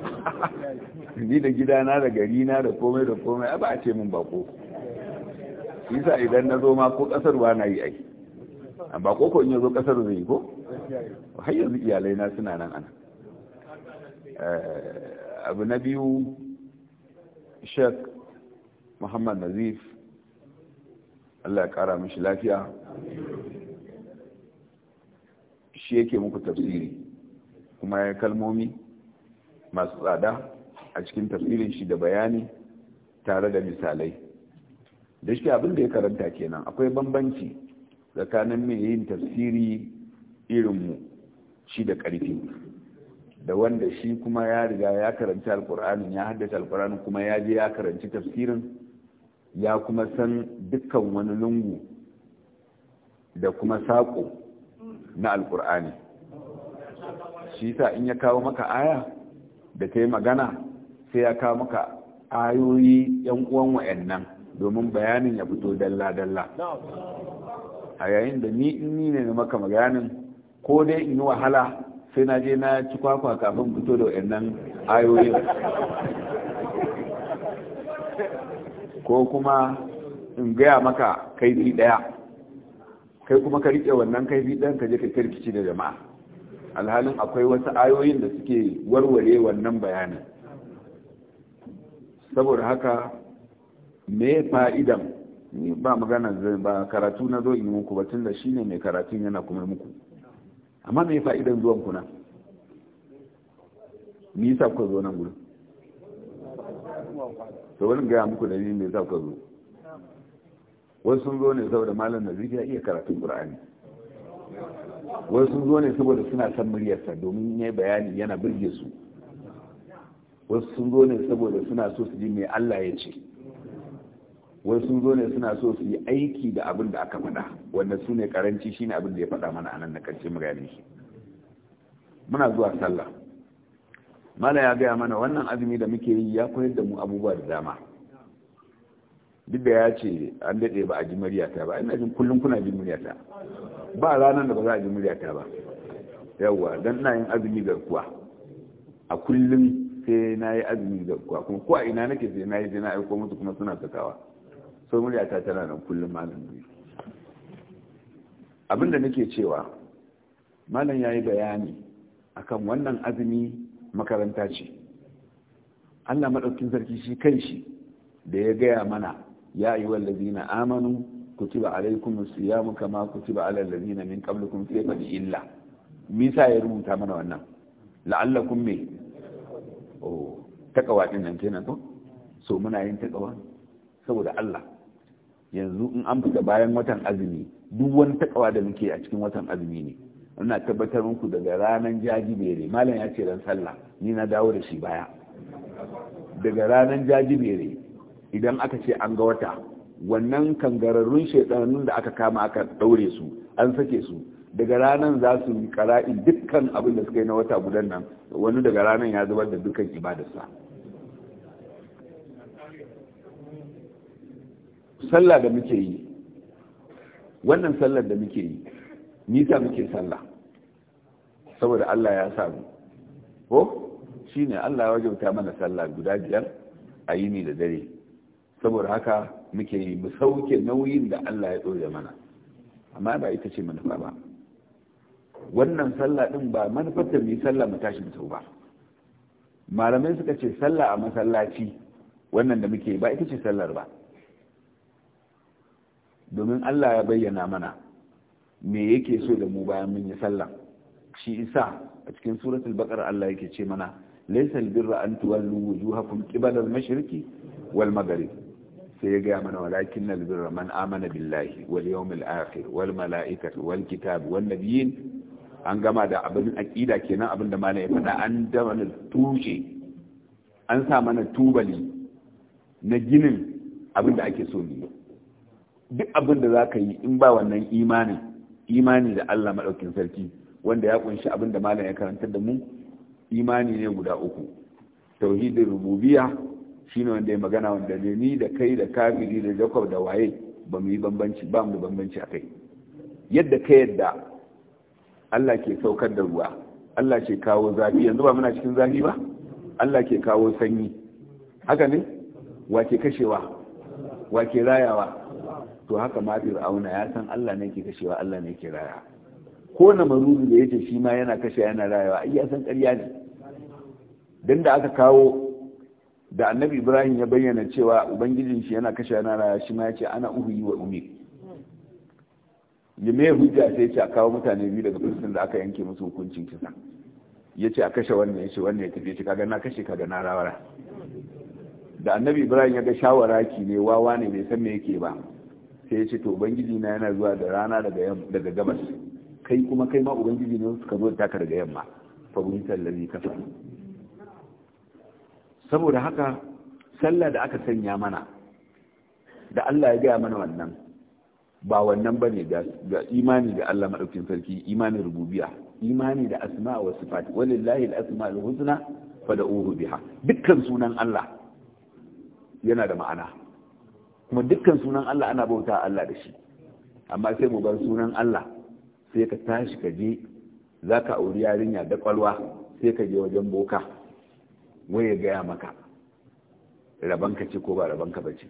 ni da gidana da gari na da komai da komai ba a ce mun bako isa idan na zo ma ko kasar ba na yi ai a bako ko in zo kasar zai yi ko har yanzu iyalai na suna nan ana eh, abu na biyu shek muhammad nazif allah ya kara mishi lafiya shi yake muku tafsiri kuma ya kalmomi masu tsada a cikin tafsirin shi da bayani tare da misalai da shi abin da ya karanta kenan akwai bambanci tsakanin mai yin tafsiri irinmu shi da ƙarfi da wanda shi kuma ya riga ya karanci alkur'ani ya haddace alkur'anin kuma ya je ya karanci tafsirin ya kuma san dukkan wani lungu da kuma saƙo na alkur'ani shi sa in ya kawo maka aya da ta magana sai ya kawo maka ayoyi yan uwan wa'annan domin bayanin ya fito dalla-dalla a yayin da ni in nina ne maka maganin ko dai in yi wahala sai na je na ci kwakwa kafin fito da wa'annan ayoyin ko kuma in gaya maka kaifi ɗaya. kai kuma ka riƙe wannan kaifi ɗan ka je ka kirkici da jama'a alhalin akwai wasu ayoyin da suke warware wannan bayanin saboda haka me fa'idan ni ba magana zai ba karatu na zo in muku batun da shine mai karatun yana kuma muku amma me fa'idan zuwan kuna ni sa ku zo nan gudu to wani gaya muku da ni me sa ku zo wai sun zo ne saboda malam nazir ya iya karatun qur'ani wai sun zo ne saboda suna san muryarsa domin yayi bayani yana burge su wasu sun zo ne saboda suna so su ji mai Allah ya ce wasu sun zo ne suna so su yi aiki da abin da aka faɗa wanda su ne karanci shine abin da ya faɗa mana anan na karshe magani muna zuwa sallah mana ya gaya mana wannan azumi da muke yi ya koyar da mu abubuwa da dama duk da ya ce an daɗe ba a ji muryata ba ina jin kullum kuna ji muryata ba ranar da ba za a ji muryata ba yawwa don na yin azumi garkuwa a kullum sai na yi azumi garkuwa kuma kuwa ina nake sai na yi zina aiko mutu kuma suna sakawa so muryata tana nan kullum malam ne abin da nake cewa malam ya yi bayani akan wannan azumi makaranta ce Allah maɗaukin sarki shi kan shi da ya gaya mana ya ayyuhal ladina amanu kutiba alaykum as-siyamu kama kutiba alal ladina min qablikum kayfa illa misa ya rubuta mana wannan la'allakum me oh takawa din nan kenan ko muna yin takawa saboda Allah yanzu in an fita bayan watan azumi duk wani takawa da muke a cikin watan azumi ne ina tabbatar muku daga ranar jajibere malam ya ce ran sallah ni na dawo da shi baya daga ranar jajibere idan aka ce an ga wata wannan kangararrun shedanun da aka kama aka daure su an sake su daga ranar za su yi kara'i dukkan abin da suka yi na wata gudan nan wani daga ranar ya zubar da dukkan ibadarsa sallah da muke yi wannan sallar da muke yi nisa muke sallah saboda Allah ya samu ko shine Allah ya wajauta mana sallah guda biyar a yini da dare saboda haka muke yi mu sauke nauyin da Allah ya ɗore mana amma ba ita ce manufa ba wannan sallah din ba manufar da mu yi sallah mu tashi mu ba malamai suka ce sallah a masallaci wannan da muke ba ita ce sallar ba domin Allah ya bayyana mana me yake so da mu bayan mun yi sallah shi isa a cikin suratul baqara Allah yake ce mana laysa birra an tuwallu wujuhakum qibala al-mashriqi wal maghribi sai ya gaya mana walakin na birra man amana billahi wal yawmil akhir wal mala'ikati wal kitab wal nabiyin an gama da abin akida kenan abin da malai ya faɗa an da mana tushe an sa mana tubali na ginin abin da ake so ne duk abin da zaka yi in ba wannan imani imani da Allah madaukin sarki wanda ya kunshi abin da malai ya karantar da mu imani ne guda uku tauhidin rububiya shine wanda ya magana wanda ne ni da kai da kafiri da jacob da waye ba mu yi bambanci ba mu da bambanci a kai yadda ka yadda Allah ke saukar da ruwa Allah ke kawo zafi yanzu ba muna cikin zafi ba Allah ke kawo sanyi haka ne ke kashewa ke rayawa to haka ma fir'auna ya san Allah ne ke kashewa Allah ne ke raya ko na maruru da yace shi ma yana kashe yana rayawa ai ya san ƙarya ne dan da aka kawo da annabi ibrahim ya bayyana cewa ubangijin shi yana kashe yana raya shi ma ya ce ana uhuyi wa umi ya mai hujja sai ce a kawo mutane biyu daga filistin da aka yanke musu hukuncin kisa ya ce a kashe wannan ya ce wannan ya tafi ya ce kaga na kashe kaga na rawara da annabi ibrahim ya ga shawara ki ne wawa ne bai san me yake ba sai ya ce to ubangiji na yana zuwa da rana daga gabas kai kuma kai ma ubangiji ne suka zo da taka daga yamma fa bunta allazi kafa saboda haka sallah da aka sanya mana da Allah ya gaya mana wannan ba wannan bane ga imani da Allah madaukin sarki imanin rububiyya imani da asma'a wa sifat walillahi al-asma al-husna fad'uhu biha dukkan sunan Allah yana da ma'ana kuma dukkan sunan Allah ana bauta Allah da shi amma sai mu bar sunan Allah sai ka tashi ka je zaka auri yarinya da kwalwa sai ka je wajen boka waye gaya maka rabanka ce ko ba rabanka ba ce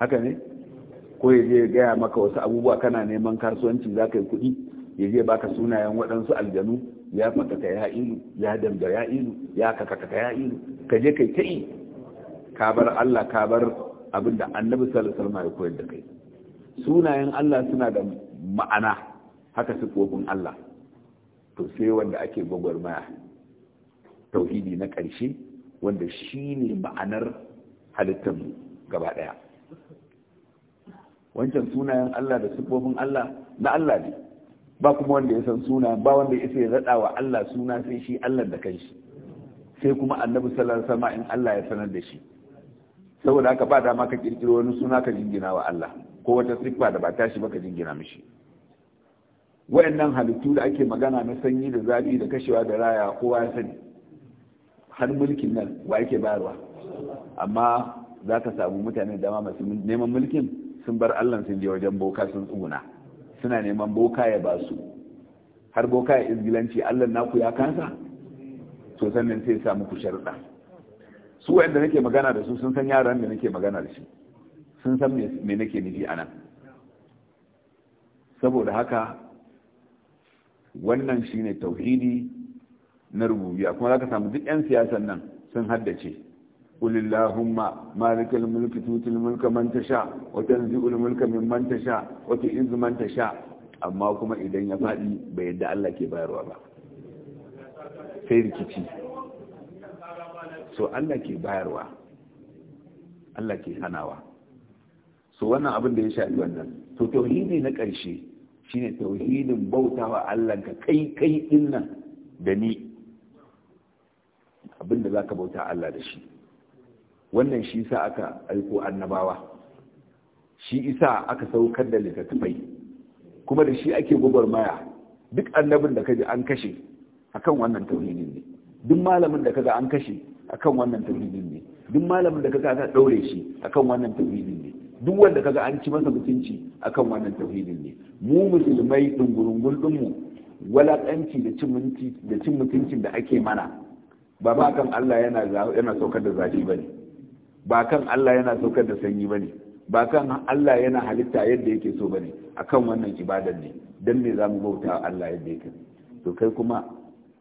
haka ne ko ya gaya maka wasu abubuwa kana neman kasuwanci za ka yi kuɗi ya je baka sunayen waɗansu aljanu ya ka ya ilu ya damda ya ilu ya kakaka ya ilu ka je kai ta yi ka bar Allah ka bar abin annabi sallallahu alaihi ya koyar da kai sunayen Allah suna da ma'ana haka kofin Allah to sai wanda ake gwagwarmaya tauhidi na ƙarshe wanda shi ne ma'anar halittar gaba ɗaya wancan sunayen Allah da siffofin Allah na Allah ne ba kuma wanda ya san suna ba wanda ya sai raɗa wa Allah suna sai shi Allah da kanshi sai kuma annabi sallallahu sama in Allah ya sanar da shi saboda haka ba dama ka kirkiro wani suna ka jingina wa Allah ko wata siffa da ba tashi ba ka jingina mishi wayannan halittu da ake magana na sanyi da zafi da kashewa da raya kowa ya sani har mulkin nan wa yake bayarwa amma za ka samu mutane dama masu neman mulkin sun bar allah sun je wajen boka sun tsuguna suna neman boka ya ba su har boka ya izgilanci allah naku ya kansa to sannan sai sa muku sharuɗa su wa'anda nake magana da su sun san yaran da nake magana da shi sun san me nake nufi anan saboda haka wannan shine tauhidi na rububiya kuma za ka samu duk 'yan siyasan nan sun haddace ulillahumma malikal mulki tutul mulka sha wata wa tanzi'ul mulka manta sha wata tu'izzu manta sha amma kuma idan ya faɗi bai yadda Allah ke bayarwa ba sai rikici so Allah ke bayarwa Allah ke hanawa so wannan abin da ya shafi wannan to tauhidi na ƙarshe shine tauhidin bautawa Allah ka kai kai din nan da ni abinda za ka bauta Allah da shi wannan shi sa aka aiko annabawa shi isa aka saukar da littattafai kuma da shi ake gwagwarmaya duk annabin da kaji an kashe akan wannan tauhidin ne duk malamin da kaga an kashe akan wannan tauhidin ne duk malamin da kaga aka daure shi akan wannan tauhidin ne duk wanda kaga an ci masa mutunci akan wannan tauhidin ne mu musulmai dungurungun dinmu walakanci da cin da cin mutuncin da ake mana ba ba kan Allah yana yana saukar da zafi bane ba kan Allah yana saukar da sanyi bane ba kan Allah yana halitta yadda yake so bane akan wannan ibadar ne dan me zamu bauta Allah yadda yake to kai kuma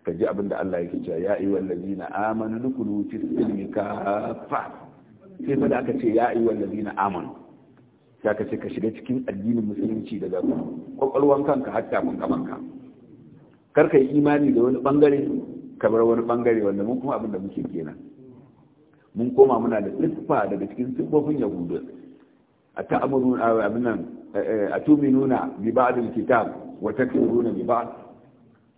ka ji abin da Allah yake cewa ya ayyuhal ladina amanu nukulu fi silmi kafa sai fa da aka ce ya ayyuhal ladina amanu sai ka ce ka shiga cikin addinin musulunci da daga kwakwalwan kanka hatta mun kamanka kar ka yi imani da wani bangare kamar wani bangare wanda mun kuma abin da muke kenan mun koma muna da siffa daga cikin siffofin yahudu a ta'amurun abin nan eh, eh, a nuna bi ba'dil kitab wa takfuruna bi ba.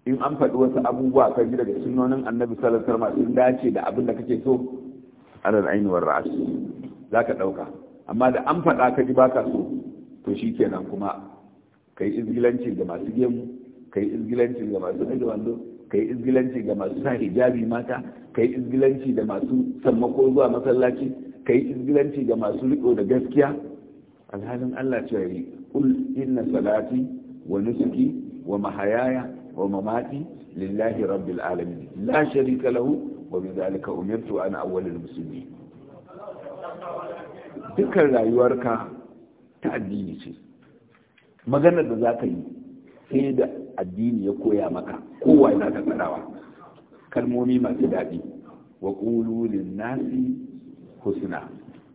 in an faɗi wasu abubuwa kan ji daga sunonin annabi sallallahu alaihi wasallam dace da abin da kake so alal ainihin war ra'as zaka dauka amma da an faɗa ka ji baka so to shikenan kuma kai izgilanci ga masu gemu kai izgilanci ga masu ɗage wando kai izgilanci ga masu sa hijabi mata kai izgilanci da masu sammako zuwa masallaci kai izgilanci ga masu riko da gaskiya alhalin Allah ce yi kul inna salati wa nusuki wa mahayaya wa mamati lillahi rabbil alamin la sharika lahu wa bi zalika umirtu ana awwalul muslimin dukkan rayuwarka ta addini ce maganar da za ka yi sai da addini ya koya maka kowa yana da tsarawa kalmomi masu daɗi wa ƙulu nasi husna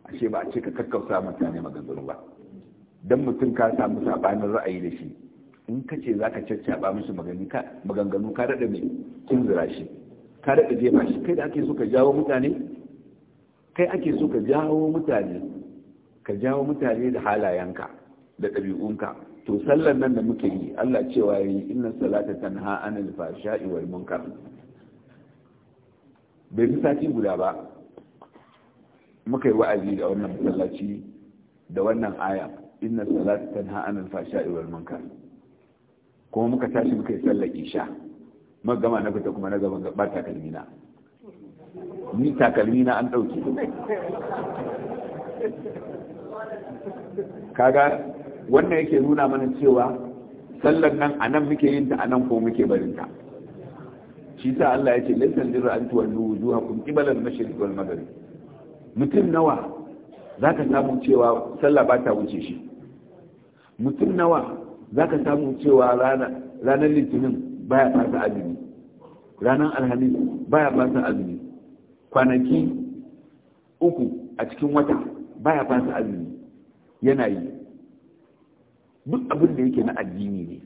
A ce ba a ce ka kakkausa mutane maganganu ba Don mutum ka samu sabanin ra'ayi da shi in ka ce za ka caccaba musu maganganu ka daɗa mai zira shi ka daɗa jefa shi kai da ake so ka jawo mutane kai ake so ka jawo mutane ka jawo mutane da halayenka da ɗabi'unka to sallar nan da muke yi Allah cewa yi inna salata tanha anil fahsha'i wal munkar bai fi sati guda ba muka yi wa'azi da wannan masallaci da wannan aya inna salata tanha anil fahsha'i wal munkar kuma muka tashi muka yi sallar isha muka gama na fita kuma na gaban gaba takalmi na ni takalmi na an dauke kaga wannan yake nuna mana cewa sallar nan a nan muke yin ta a nan ko muke barin ta shi sa Allah ya ce laisan jirra an tuwallu wujuhakum qibala al-mashriq wal maghrib mutum nawa zaka samu cewa sallah ba ta wuce shi mutum nawa zaka samu cewa ranar litinin baya fasa azumi ranar alhamis baya fasa azumi kwanaki uku a cikin wata baya fasa azumi yana yi duk abin da yake na addini ne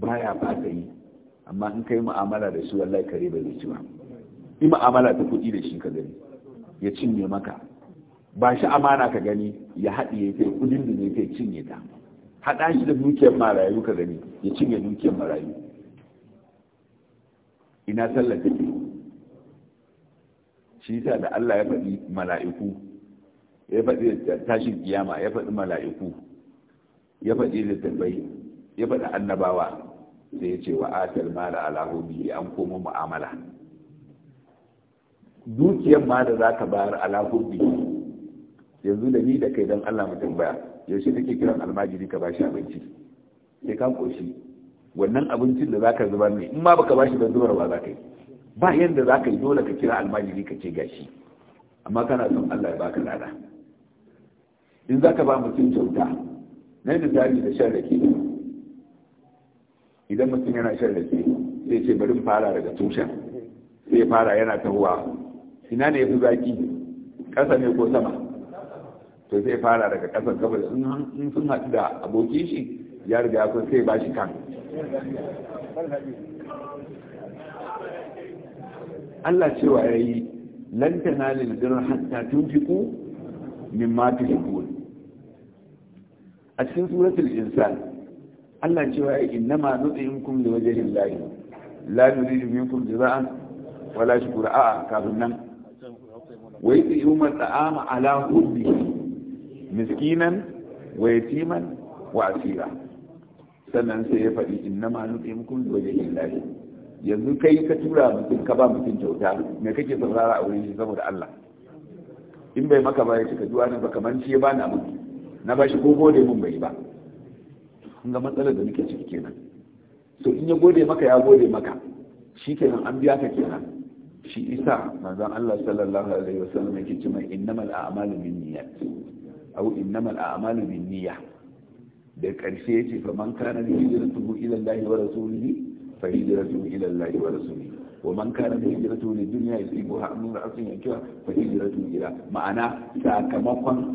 baya fata yi amma in kai mu'amala da shi wallahi kare ba zai ci ba yi mu'amala ta kuɗi da shi ka gani ya cinye maka ba shi amana ka gani ya ya kai kudin da ne kai cinye ta haɗa shi da dukiyar marayu ka gani ya cinye dukiyar marayu ina sallar ke? shi yasa da Allah ya faɗi mala'iku ya faɗi tashin kiyama ya faɗi mala'iku ya faɗi littattafai ya faɗi annabawa sai ya ce wa atal mala ala hubi an koma mu'amala dukiyar ma da za ka bayar ala hubi yanzu da ni da kai dan Allah mu tambaya yaushe kake kiran almajiri ka bashi abinci sai ka koshi wannan abincin da za ka zubar ne in ma baka bashi da zubar ba ka yi ba yanda ka yi dole ka kira almajiri ka ce gashi amma kana son Allah ya baka lada in za ka ba mutum kyauta na misali da shan rake idan mutum yana shan rake sai ce bari fara daga tushen sai fara yana tahowa ina ne yafi zaki ƙasa ne ko sama to sai fara daga ƙasan kafa in sun haɗu da abokin shi ya riga ya sai ba shi kan Allah cewa ya yi lantana lil hatta tunfiqu mimma tuhibbun a cikin suratul insan Allah cewa innama nud'imukum liwajhillahi la nuridu minkum jaza'an wala shukura a'a kafin nan wa yut'imuna ta'ama ala hubbi miskinan wa yatiman wa asira sannan sai ya faɗi innama nud'imukum liwajhillahi yanzu kai ka tura mutum ka ba mutum kyauta me kake saurara a wurin shi saboda Allah in bai maka ba ya cika duwa ba kamar shi ya bani abin na ba shi ko gode mun bai ba kun ga matsalar da muke ciki kenan to in ya gode maka ya gode maka shi kenan an biya ka kenan shi isa manzon Allah sallallahu alaihi wasallam yake cewa innamal a'malu binniyat aw innamal a'malu niyya. da karshe yace fa man kana hijratuhu ila Allah wa rasulihi fa hijratuhu ila Allah wa rasulihi ومن كان هجرته للدنيا يصيبها من رأس يكيها فهجرته الى معنى da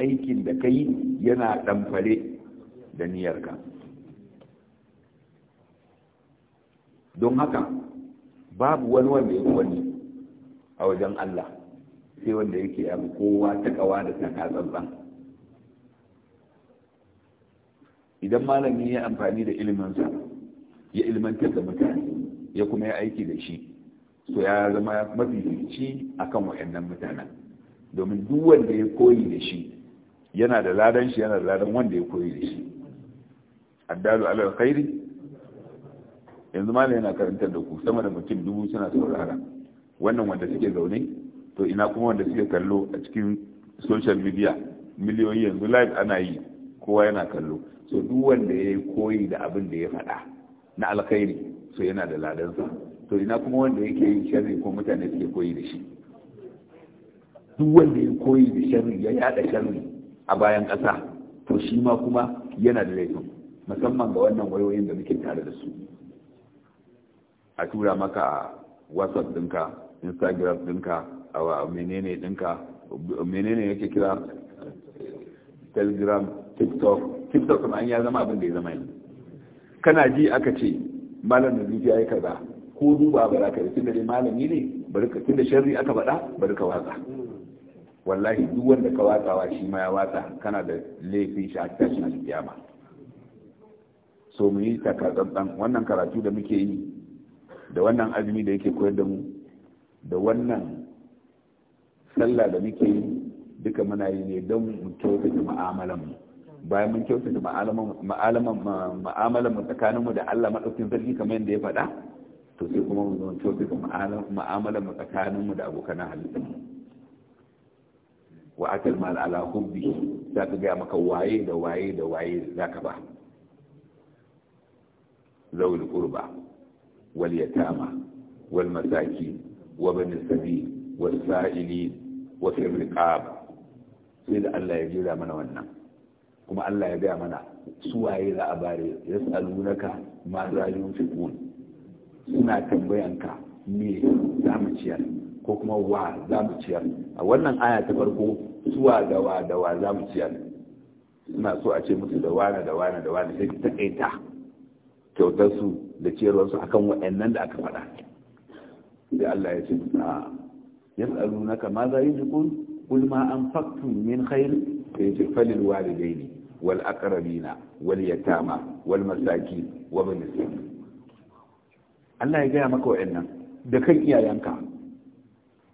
أيكن yana da niyar ka. don haka babu wani wanda ya wani a wajen Allah sai wanda yake yabi kowa ta kawa da ta katsantsan idan malami ya amfani da sa ya ilmantar da mutane ya kuma ya aiki da shi to ya zama mafifici kan waɗannan mutanen domin duk wanda ya koyi da shi yana da ladan shi yana da ladan wanda ya koyi da shi addalu alal khairi yanzu malam yana karantar da ku sama da mutum dubu suna saurara wannan wanda suke zaune to ina kuma wanda suke kallo a cikin social media miliyoyi yanzu live ana yi kowa yana kallo so duk wanda ya koyi da abin da ya faɗa na alkhairi so yana da ladansa to ina kuma wanda yake yin sharri ko mutane suke koyi da shi duk wanda ya koyi da sharri ya yada sharri a bayan ƙasa to shi ma kuma yana da laifin musamman ga wannan wayoyin da muke tare da su a tura maka a whatsapp ɗinka instagram ɗinka a menene ɗinka menene yake kira telegram tiktok tiktok kuma an ya zama abin da ya zama yanzu kana ji aka ce malam da zuciya ya kaza ko duba ba za ka yi tunda dai malami ne tunda sharri aka faɗa bari ka watsa wallahi duk wanda ka watsawa shi ma ya watsa kana da laifin shi a tashin alƙiyama so mu yi takatsantsan wannan karatu da muke yi da wannan azumi da yake koyar da mu da wannan sallah da muke yi duka muna yi ne don mu kyautata mu'amalan mu bayan mun kyautata mu'amalan mu tsakanin mu da Allah madaukakin sarki kamar yadda ya faɗa to sai kuma mu zama cewa daga ma'amalar mu tsakanin mu da abokan halittar mu wa akal mal ala hubbi za ka gaya maka waye da waye da waye za ka ba zawul qurba wal yatama wal masaki wa bani sabi wal sa'ili wa fi riqab sai da Allah ya jira mana wannan kuma Allah ya gaya mana su waye za a bare yas'alunaka ma zalimun fi suna tambayanka me za mu ciyar ko kuma wa za mu ciyar a wannan aya ta farko suwa da wa da wa za mu ciyar Ina so a ce musu da wane da wane da wane sai ta kaita kyautar su da ciyarwar su akan waɗannan da aka faɗa da Allah ya ce a yas'alunaka ma za yunfiqun kul ma anfaqtum min khair fa yajfalil walidaini wal aqrabina wal yatama wal masakin wa bin sabil Allah ya gaya maka wa'annan da kan iyayenka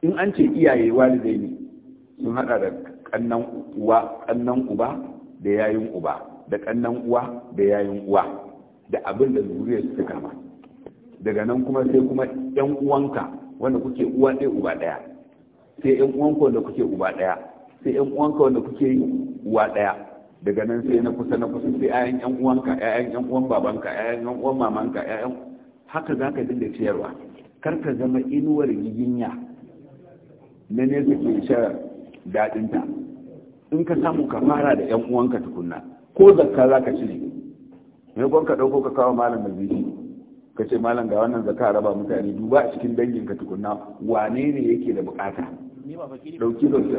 in an ce iyaye walidai ne sun hada da kannan uwa kannan uba da yayin uba da kannan uwa da yayin uwa da abin da zuriya su kama daga nan kuma sai kuma yan uwanka wanda kuke uwa ɗaya uba ɗaya sai yan uwanka wanda kuke uba ɗaya sai yan uwanka wanda kuke uwa ɗaya daga nan sai na kusa na kusa sai 'ya'yan yan uwanka 'ya'yan yan uwan babanka 'ya'yan yan uwan mamanka 'ya'yan haka za ka dinga ciyarwa kar ka zama inuwar yinya na ne suke sha daɗinta in ka samu ka fara da yan uwanka tukunna ko zakka za ka cire mai ka ɗauko ka kawo malam mazishi ka ce malam ga wannan zakka raba mutane duba a cikin danginka tukunna wane ne yake da bukata dauki dauki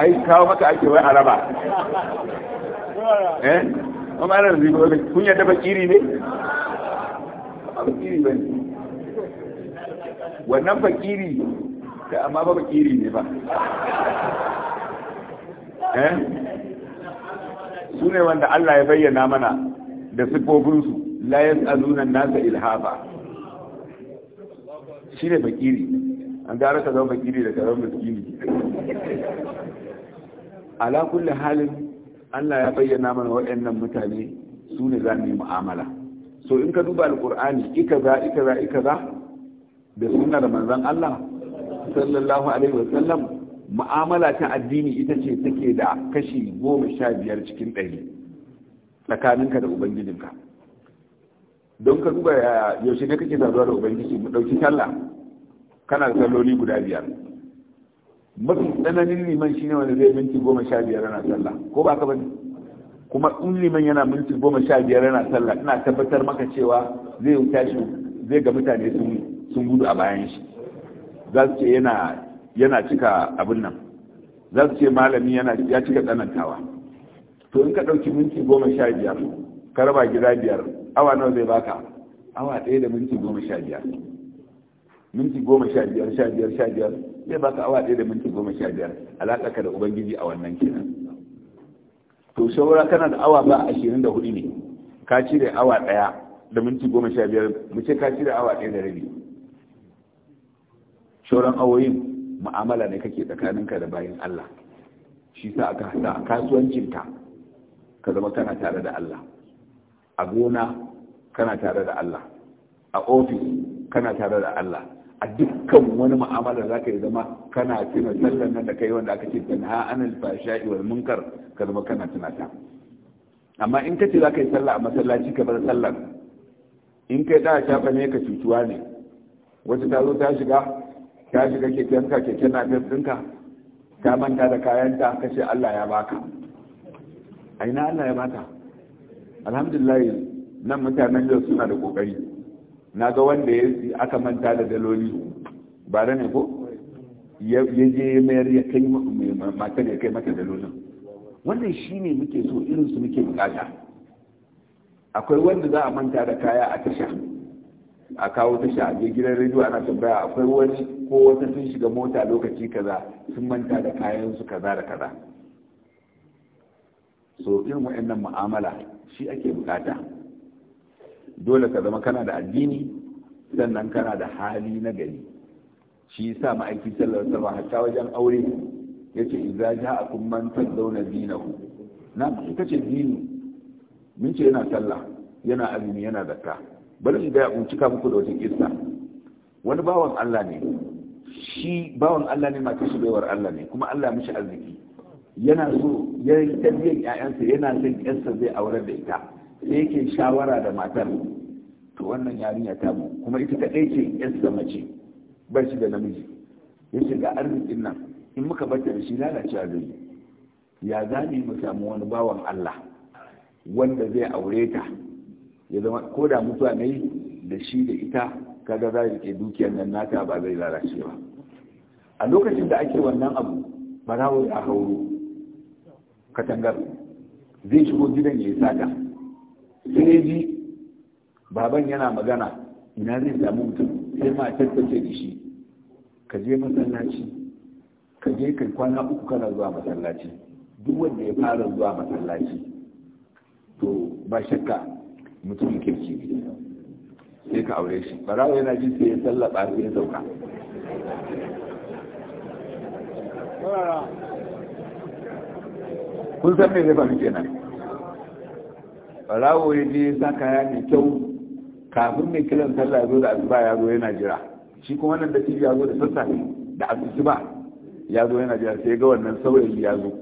ai kawo maka ake wai a raba eh kuma ana da kun yadda bakiri ne fakiri ba ne wannan fakiri da amma ba fakiri ne ba eh su ne wanda Allah ya bayyana mana da sifofinsu la yas'aluna nasa ilhafa shi ne fakiri an gara ka zama fakiri da zama miskini ala kulli halin Allah ya bayyana mana waɗannan mutane su ne za mu yi mu'amala so in ka duba alkur'ani ika za ika za ika za da sunnar manzon Allah sallallahu alaihi sallam mu'amala ta addini ita ce take da kashi goma sha biyar cikin ɗari tsakaninka da ubangijinka don ka duba yaushe ne kake saduwa da ubangiji mu ɗauki sallah kana da salloli guda biyar mafi tsananin liman shine wanda zai minti goma sha biyar ana sallah ko ba ka bane kuma in liman yana minti goma sha biyar yana sallah ina tabbatar maka cewa zai tashi zai ga mutane sun gudu a bayan shi za su ce yana cika abin nan za su ce malami ya cika tsanantawa to in ka ɗauki minti goma sha biyar ka raba gida biyar awa nawa zai baka awa ɗaya da minti goma sha biyar minti goma sha biyar sha biyar sha biyar zai baka awa ɗaya da minti goma sha biyar alaƙa ka da ubangiji a wannan kenan to shawara kana da awa ba ashirin da hudu ne ka cire awa daya da minti goma sha biyar mu ce ka cire awa daya da rabi shauran awoyin mu'amala ne kake tsakaninka da bayan Allah shi sa aka hada kasuwancinka ka zama kana tare da Allah a gona kana tare da Allah a ofis kana tare da Allah a dukkan wani ma'amala za ka yi zama kana tuna sallar nan da kai wanda aka ce tanha anil sha'i wal munkar ka zama kana tuna ta amma in ka ce za ka yi sallah a masallaci ka bar sallar in kai da shafa ne ka cutuwa ne wata ta zo ta shiga ta shiga kekenka keken na ɗinka ta manta da kayanta ka ce Allah ya baka aina Allah ya bata alhamdulillah nan mutanen yau suna da kokari na ga wanda ya aka manta da daloli ba da ne ko ya je mayar ya kai matan ya kai mata dalolin wannan shi ne muke so irin su muke bukata akwai wanda za a manta da kaya a tasha a kawo tasha a gidan rediyo ana tambaya akwai wani ko wata sun shiga mota lokaci kaza sun manta da kayan su kaza da kaza so irin wa'annan mu'amala shi ake bukata dole ka zama kana da addini sannan kana da hali na gari shi sa ma'aiki sallar alaihi hatta wajen aure ya ce yace a ja'akum man tadawna ku na ita ce dini mun ce yana sallah yana azumi yana zakka bari in gaya in cika muku da wata kissa wani bawan Allah ne shi bawan Allah ne matar shi baiwar Allah ne kuma Allah ya mishi arziki yana so ya yi tarbiyyar 'ya'yansa, yana son yarsa zai aurar da ita sai yake shawara da matar to wannan yarinya ta mu kuma ita kaɗai ce yarsa mace ba shi da namiji ya ce ga arzikin nan in muka bata da shi lalace a zai ya za mu samu wani bawan Allah wanda zai aure ta ya zama ko da mutuwa ne da shi da ita kaga za rike dukiyar nan nata ba zai lalace ba a lokacin da ake wannan abu barawo a hauro katangar zai shigo gidan ya yi sata sai ji baban yana magana ina zai samu mutum sai matar ta ce da shi ka je masallaci ka je kai kwana uku kana zuwa masallaci duk wanda ya fara zuwa masallaci to ba shakka mutumin kirki ne sai ka aure shi barawo yana ji sai ya sallaba sai ya sauka kun san me zai faru kenan barawo ya je sa kaya mai kyau kafin mai kiran sallah zo da asuba ya zo yana jira shi kuma nan da shi ya zo da sassafe da asuba ya zo yana jira sai ga wannan saurayi ya zo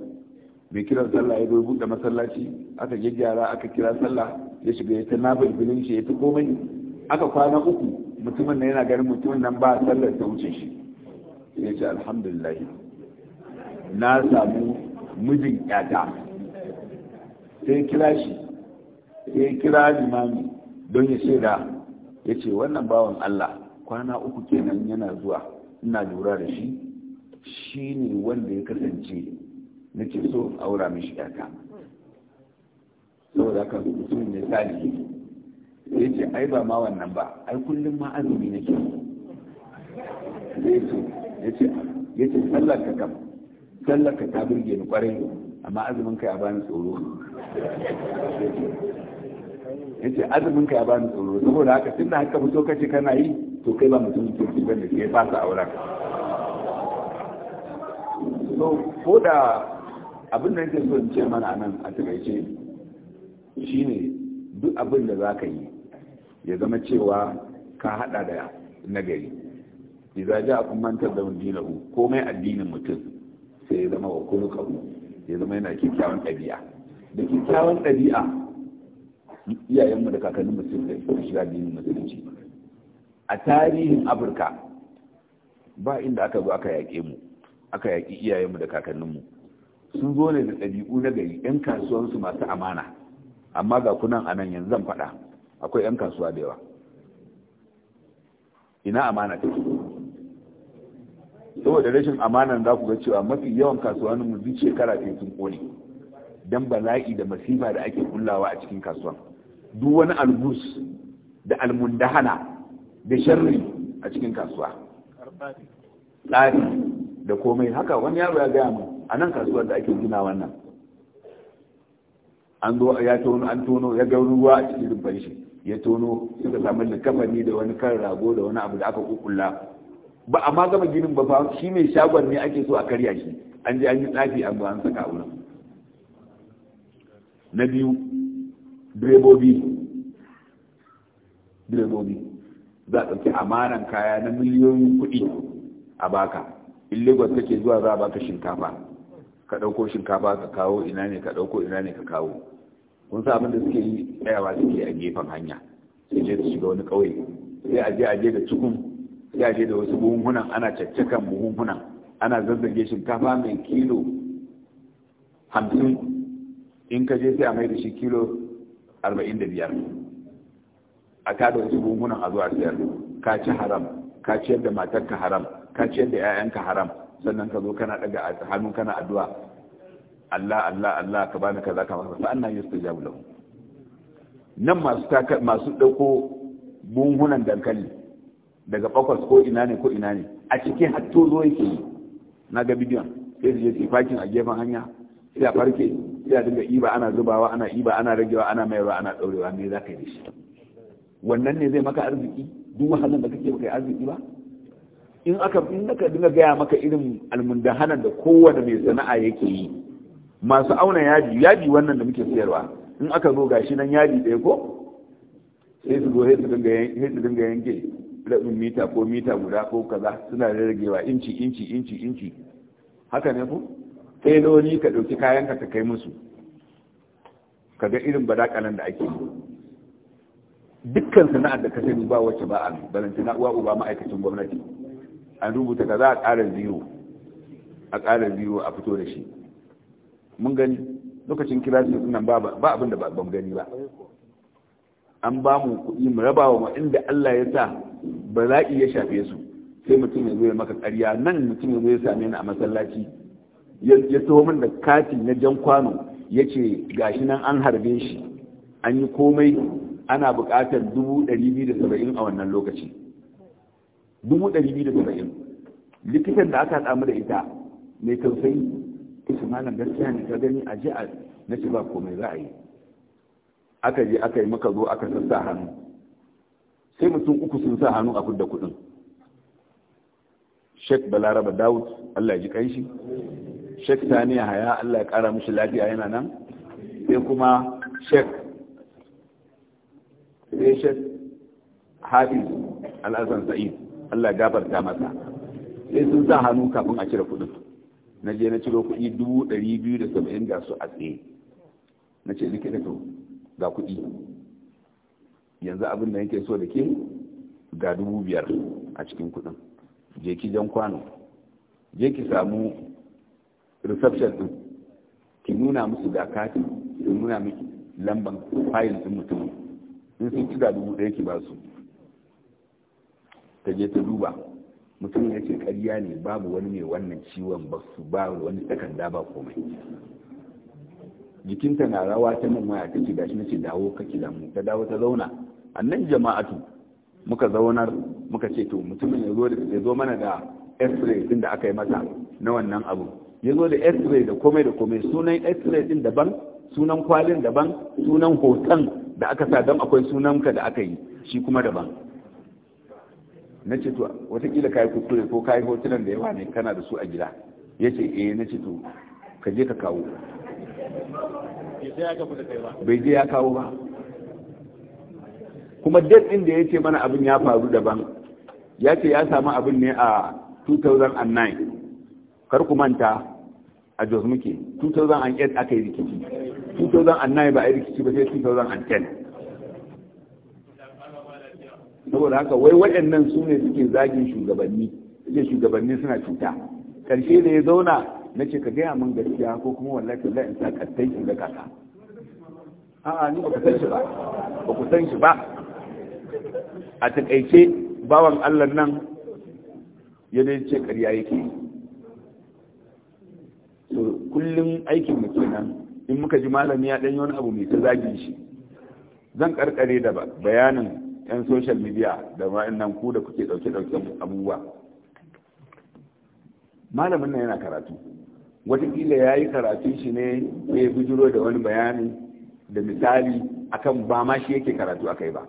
mai kiran sallah ya zo buɗe masallaci aka gyaggyara aka kira sallah ya shiga ya ta nabil bilin shi ya ta komai aka kwana uku mutumin nan yana ganin mutumin nan ba sallar ta wuce shi ya ce alhamdulillah na samu mijin ƴata sai kira shi ya kira limami don ya shaida ya ce wannan bawan Allah kwana uku kenan yana zuwa ina lura da shi shi ne wanda ya kasance na ke so aura mishi yata saboda kan mutum ne salihi ya ce ai ba ma wannan ba ai kullum ma azumi na ya ce ya ce tsallaka kam tsallaka ta burge ni kwarai amma azumin kai a bani tsoro yace azumin ka ya bani tsoro saboda haka tunda haka fito kace kana yi to kai ba mutum ci bane kai ba ka aura ka so ko da abin da yake so in ce mana anan a takaice shine duk abin da zaka yi ya zama cewa ka hada da nagari idza ja'akum man tadawun dinahu komai addinin mutum sai ya zama wa kullu ya zama yana kikkiawan ɗabi'a da kikkiawan ɗabi'a iyayenmu da kakanninmu sun da suka shiga addinin musulunci a tarihin afirka ba inda aka zo aka yaƙe mu aka yaƙi iyayenmu da kakanninmu sun zo ne da ɗabi'u na gari 'yan kasuwansu masu amana amma ga kunan anan yanzu zan faɗa akwai 'yan kasuwa da yawa ina amana ta saboda rashin amanan za ku ga cewa mafi yawan kasuwanninmu duk shekara ke sun kone don bala'i da masifa da ake kullawa a cikin kasuwan duk wani albus da almundahana da sharri a cikin kasuwa tsari da komai haka wani yaro ya gaya mu a nan kasuwar da ake gina wannan an zo ya tono an tono ya ga ruwa a cikin rumfar shi ya tono suka samu likafani da wani kan rago da wani abu da aka kukulla ba a ma gama ginin ba shi mai shagon ne ake so a karya shi an je an yi tsafi an ba an saka wurin na biyu direbobi direbobi za a ɗauki amanan kaya na miliyoyin kuɗi a baka in lagos ke zuwa za a baka shinkafa ka ɗauko shinkafa ka kawo ina ne ka ɗauko ina ne ka kawo kun sa abin da suke yi tsayawa suke a gefen hanya sai je su shiga wani ƙauye sai a je a je da cikin sai a je da wasu buhunhunan ana caccakan buhunhunan ana zazzage shinkafa mai kilo hamsin in ka je sai a mai da shi kilo Arba'in da biyar a tada wasu gungunan a zuwa siyar ka ci haram ka ciyar da matarka haram ka ciyar da 'ya'yanka haram sannan ka zo kana daga hannun kana addu'a Allah Allah Allah ka bani kaza ka masa nan yusuf yustajabu lahu nan masu masu dauko gungunan dankali daga bakwas ko ina ne ko ina ne a cikin hatto zo yake na ga bidiyon sai su je su fakin a gefen hanya sai a farke ya dinga iba ana zubawa ana iba ana ragewa ana mayarwa ana daurewa me za ka yi shi wannan ne zai maka arziki duk wahalar da kake kai arziki ba in aka in aka dinga gaya maka irin almundahanan da kowane mai sana'a yake yi masu auna yaji yaji wannan da muke sayarwa in aka zo gashi nan yaji ɗaya ko sai su zo sai su dinga yanke rabin mita ko mita guda ko kaza suna rarragewa inci inci inci inci haka ne ku teloli ka ɗauki kayan ka kai musu ka ga irin badakalan da ake dukkan sana'ar da ka sani ba wacce ba a balance na uwa uba ma'aikacin gwamnati an rubuta ka za a ƙara biyu a ƙara biyu a fito da shi mun gani lokacin kira su nan ba abin da ba gani ba an ba mu kuɗi mu raba wa inda Allah ya sa ba za ya shafe su sai mutum ya zo ya maka ƙarya nan mutum ya zo ya same ni a masallaci ya taho min da kati na jan kwano ya ce gashi nan an harbe shi an yi komai ana buƙatar 270 a wannan lokaci 270 likitan da aka samu da ita mai tausayi ita malam gaskiya ne ta gani a ji a na ci ba komai za a yi aka je aka yi maka zo aka sassa hannu sai mutum uku sun sa hannu a kudda kudin sheik balaraba dawud allah ji kanshi Sheikh sani haya allah ya kara mishi lafiya yana nan sai kuma Sheikh sai sheik hafiz al'asan sa'id allah gafarta masa sai sun sa hannu kafin a cire kudin na je na ciro kuɗi dubu ɗari biyu da saba'in ga su a tsaye na ce likita to ga kuɗi yanzu abin da yake so da ke ga dubu biyar a cikin kuɗin je ki jan kwano je ki samu reception din ki nuna musu da katin ki nuna miki lamban file din mutumin in sun ci da dubu ɗaya ki ba su ta je ta duba mutum ya ce ƙarya ne babu wani mai wannan ciwon ba su ba wani takarda ba komai jikinta na rawa ta nan waya kake gashi nace dawo kake da mu ta dawo ta zauna annan jama'atu muka zaunar muka ce to mutumin ya zo ya zo mana da x-ray din da aka yi masa na wannan abu ya zo da x-ray da komai da komai sunan x-ray din daban sunan kwalin daban sunan hoton da aka sa don akwai sunanka da aka yi shi kuma daban na ce to watakila ka yi kukure ko ka yi hotunan da yawa ne kana da su a gida ya ce eh na ce to ka je ka kawo bai je ya kawo ba kuma date ɗin da ya ce mana abin ya faru daban ya ce ya samu abin ne a 2009 kar ku manta a jos muke 2008 aka yi rikici 2009 ba a yi rikici ba sai 2010 saboda haka wai waɗannan su ne suke zagin shugabanni suke shugabanni suna cuta ƙarshe da ya zauna na ce ka gaya min gaskiya ko kuma wallafi la in sa kattai shi da kaka a'a ni ba ku san shi ba ba ku san shi ba a takaice bawan Allah nan ya dai ce ƙarya yake yi kullum aikin mu kenan in muka ji malami ya ɗanyi wani abu mai ta zagin shi zan karkare da bayanin yan social media da wa'annan ku da kuke ɗauke ɗauke abubuwa malamin nan yana karatu watakila ya yi karatun shi ne ya bujuro da wani bayani da misali akan ba ma shi yake karatu a kai ba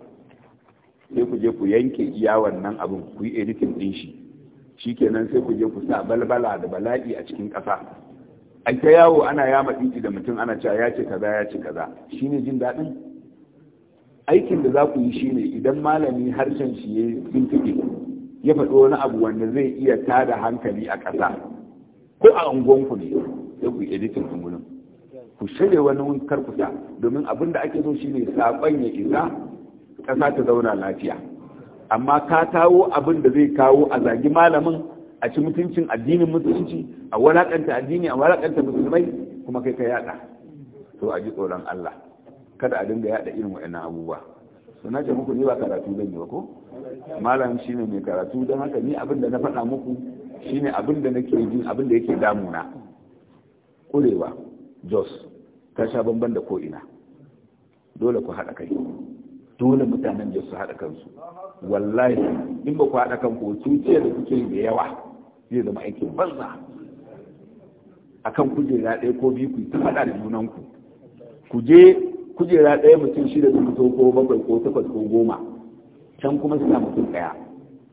sai ku je ku yanke iya wannan abin ku yi editin din shi shi kenan sai ku je ku sa balbala da bala'i a cikin ƙasa ai ta yawo ana yama dinki da mutum ana cewa ya ce kaza ya ce kaza shine jin daɗin aikin da za ku yi shi ne idan malami harshen shi ya bintike ya faɗo wani abu wanda zai iya tada hankali a ƙasa ko a unguwanku ne sai ku yi editin ɗin ku shirya wani wunkar kusa domin abin da ake so ne saƙon ya isa ƙasa ta zauna lafiya amma ka kawo abin da zai kawo a zagi malamin a ci mutuncin addinin mutunci a walakanta addini a walakanta musulmai kuma kai ka yada to a ji tsoron Allah kada a dinga yada irin waɗannan abubuwa to na ce muku ni ba karatu zan yi ba ko malam shine mai karatu don haka ni abin da na faɗa muku shine abin da nake ji abin da yake damuna kurewa jos ta sha bamban da ko ina dole ku haɗa kai dole mutanen jos su haɗa kansu wallahi in ba ku haɗa kanku cuce da kuke da yawa zai zama aikin banza kan kujera ɗaya ko biyu ku ta faɗa da junanku ku je kujera ɗaya mutum shida su fito ko bakwai ko takwas ko goma can kuma suna mutum ɗaya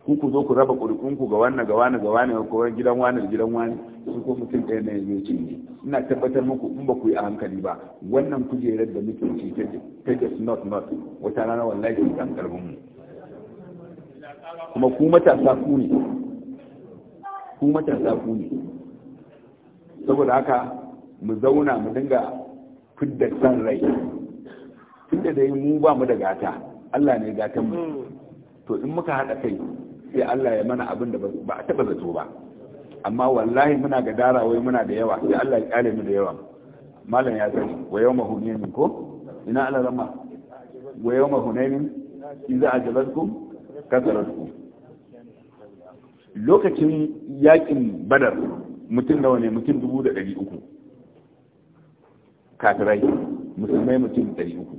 ku ku zo ku raba ƙuri'unku ga wannan ga wani ga wani ko gidan wani gidan wani su ko mutum ɗaya na yanzu ce ne ina tabbatar muku in ba ku yi a hankali ba wannan kujerar da muke ci ta just not not wata rana wallahi kan karbin mu kuma ku matasa ku ne ku matasa ku ne saboda haka mu zauna mu dinga fidda san rai tunda dai mu ba mu da gata Allah ne gatan mu hmm. to in muka haɗa kai sai Allah ya mana abin da ba a taɓa zato ba amma wallahi muna ga darawai muna da yawa sai Allah ya kyale mu da yawa malam ya sani wa yau hunainin ko ina alarama wa yawma hunainin idza ajabatkum kasaratkum lokacin yakin badar mutum nawa ne mutum dubu da ɗari uku kafirai musulmai mutum ɗari uku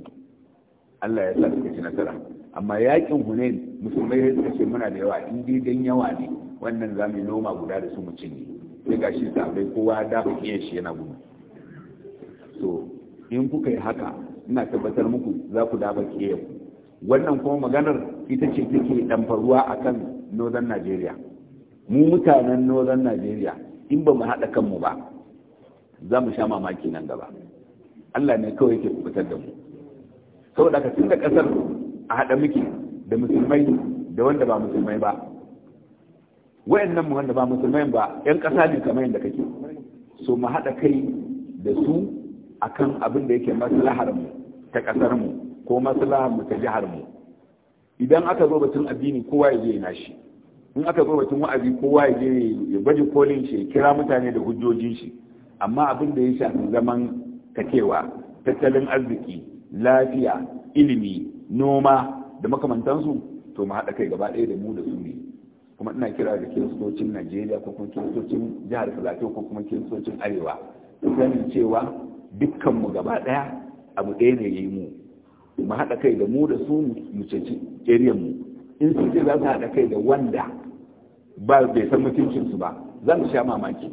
Allah ya sa suka ci nasara amma yakin hunain musulmai suka ce muna da yawa in dai dan yawa ne wannan za mu noma guda da su mu ne sai ga shi sabai kowa da ku iya shi yana gudu So in kuka yi haka ina tabbatar muku za ku dafa yau. wannan kuma maganar ita ce take a kan northern Nigeria mu mutanen northern Najeriya in ba mu haɗa kanmu ba za mu sha mamaki nan gaba Allah ne kawai yake kubutar da mu saboda ka tun da ƙasar a haɗa muke da musulmai da wanda ba musulmai ba wayannan mu wanda ba musulmai ba yan ƙasa ne kamar yadda kake so mu haɗa kai da su akan abin da yake maslahar mu ta ƙasar mu ko maslahar mu ta jihar mu idan aka zo batun addini kowa ya je na shi in aka bar batun wa'azi kowa ya je ya baje kolin shi ya kira mutane da hujjojin shi amma abin da ya shafi zaman kakewa tattalin arziki lafiya ilimi noma da makamantansu to mu haɗa kai gaba ɗaya da mu da su ne kuma ina kira da kiristocin najeriya ko kuma kiristocin jihar filato ko kuma kiristocin arewa sanin cewa dukkanmu gaba ɗaya abu ɗaya ne ya yi mu mu haɗa kai da mu da su mu ceci mu in su ce za su haɗa kai da wanda ba bai san mutuncinsu ba za su sha mamaki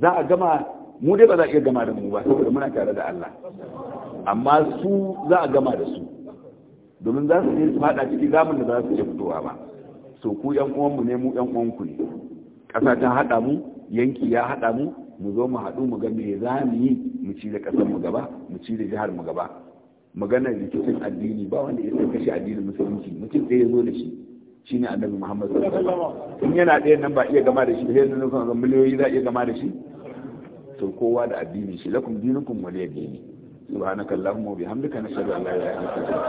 za a gama mu dai ba za a iya gama da mu ba saboda muna tare da Allah amma su za a gama da su domin za su ne su haɗa ciki zamun da za su iya fitowa ba so ku yan uwanmu ne mu yan uwanku ne ƙasa ta haɗa mu yanki ya haɗa mu mu zo mu haɗu mu ga me za mu yi mu ci da ƙasar mu gaba mu ci da jihar mu gaba maganar rikicin addini ba wanda ya kashe shi addinin musulunci mutum ɗaya zo da shi shi ne annabi Muhammadu, sallallahu in yana ɗaya nan ba iya gama da shi sai nan sun miliyoyi za a iya gama da shi to kowa da addini shi lakum dinukum waliy dini subhanakallahumma wa bihamdika nashhadu an la ilaha illa anta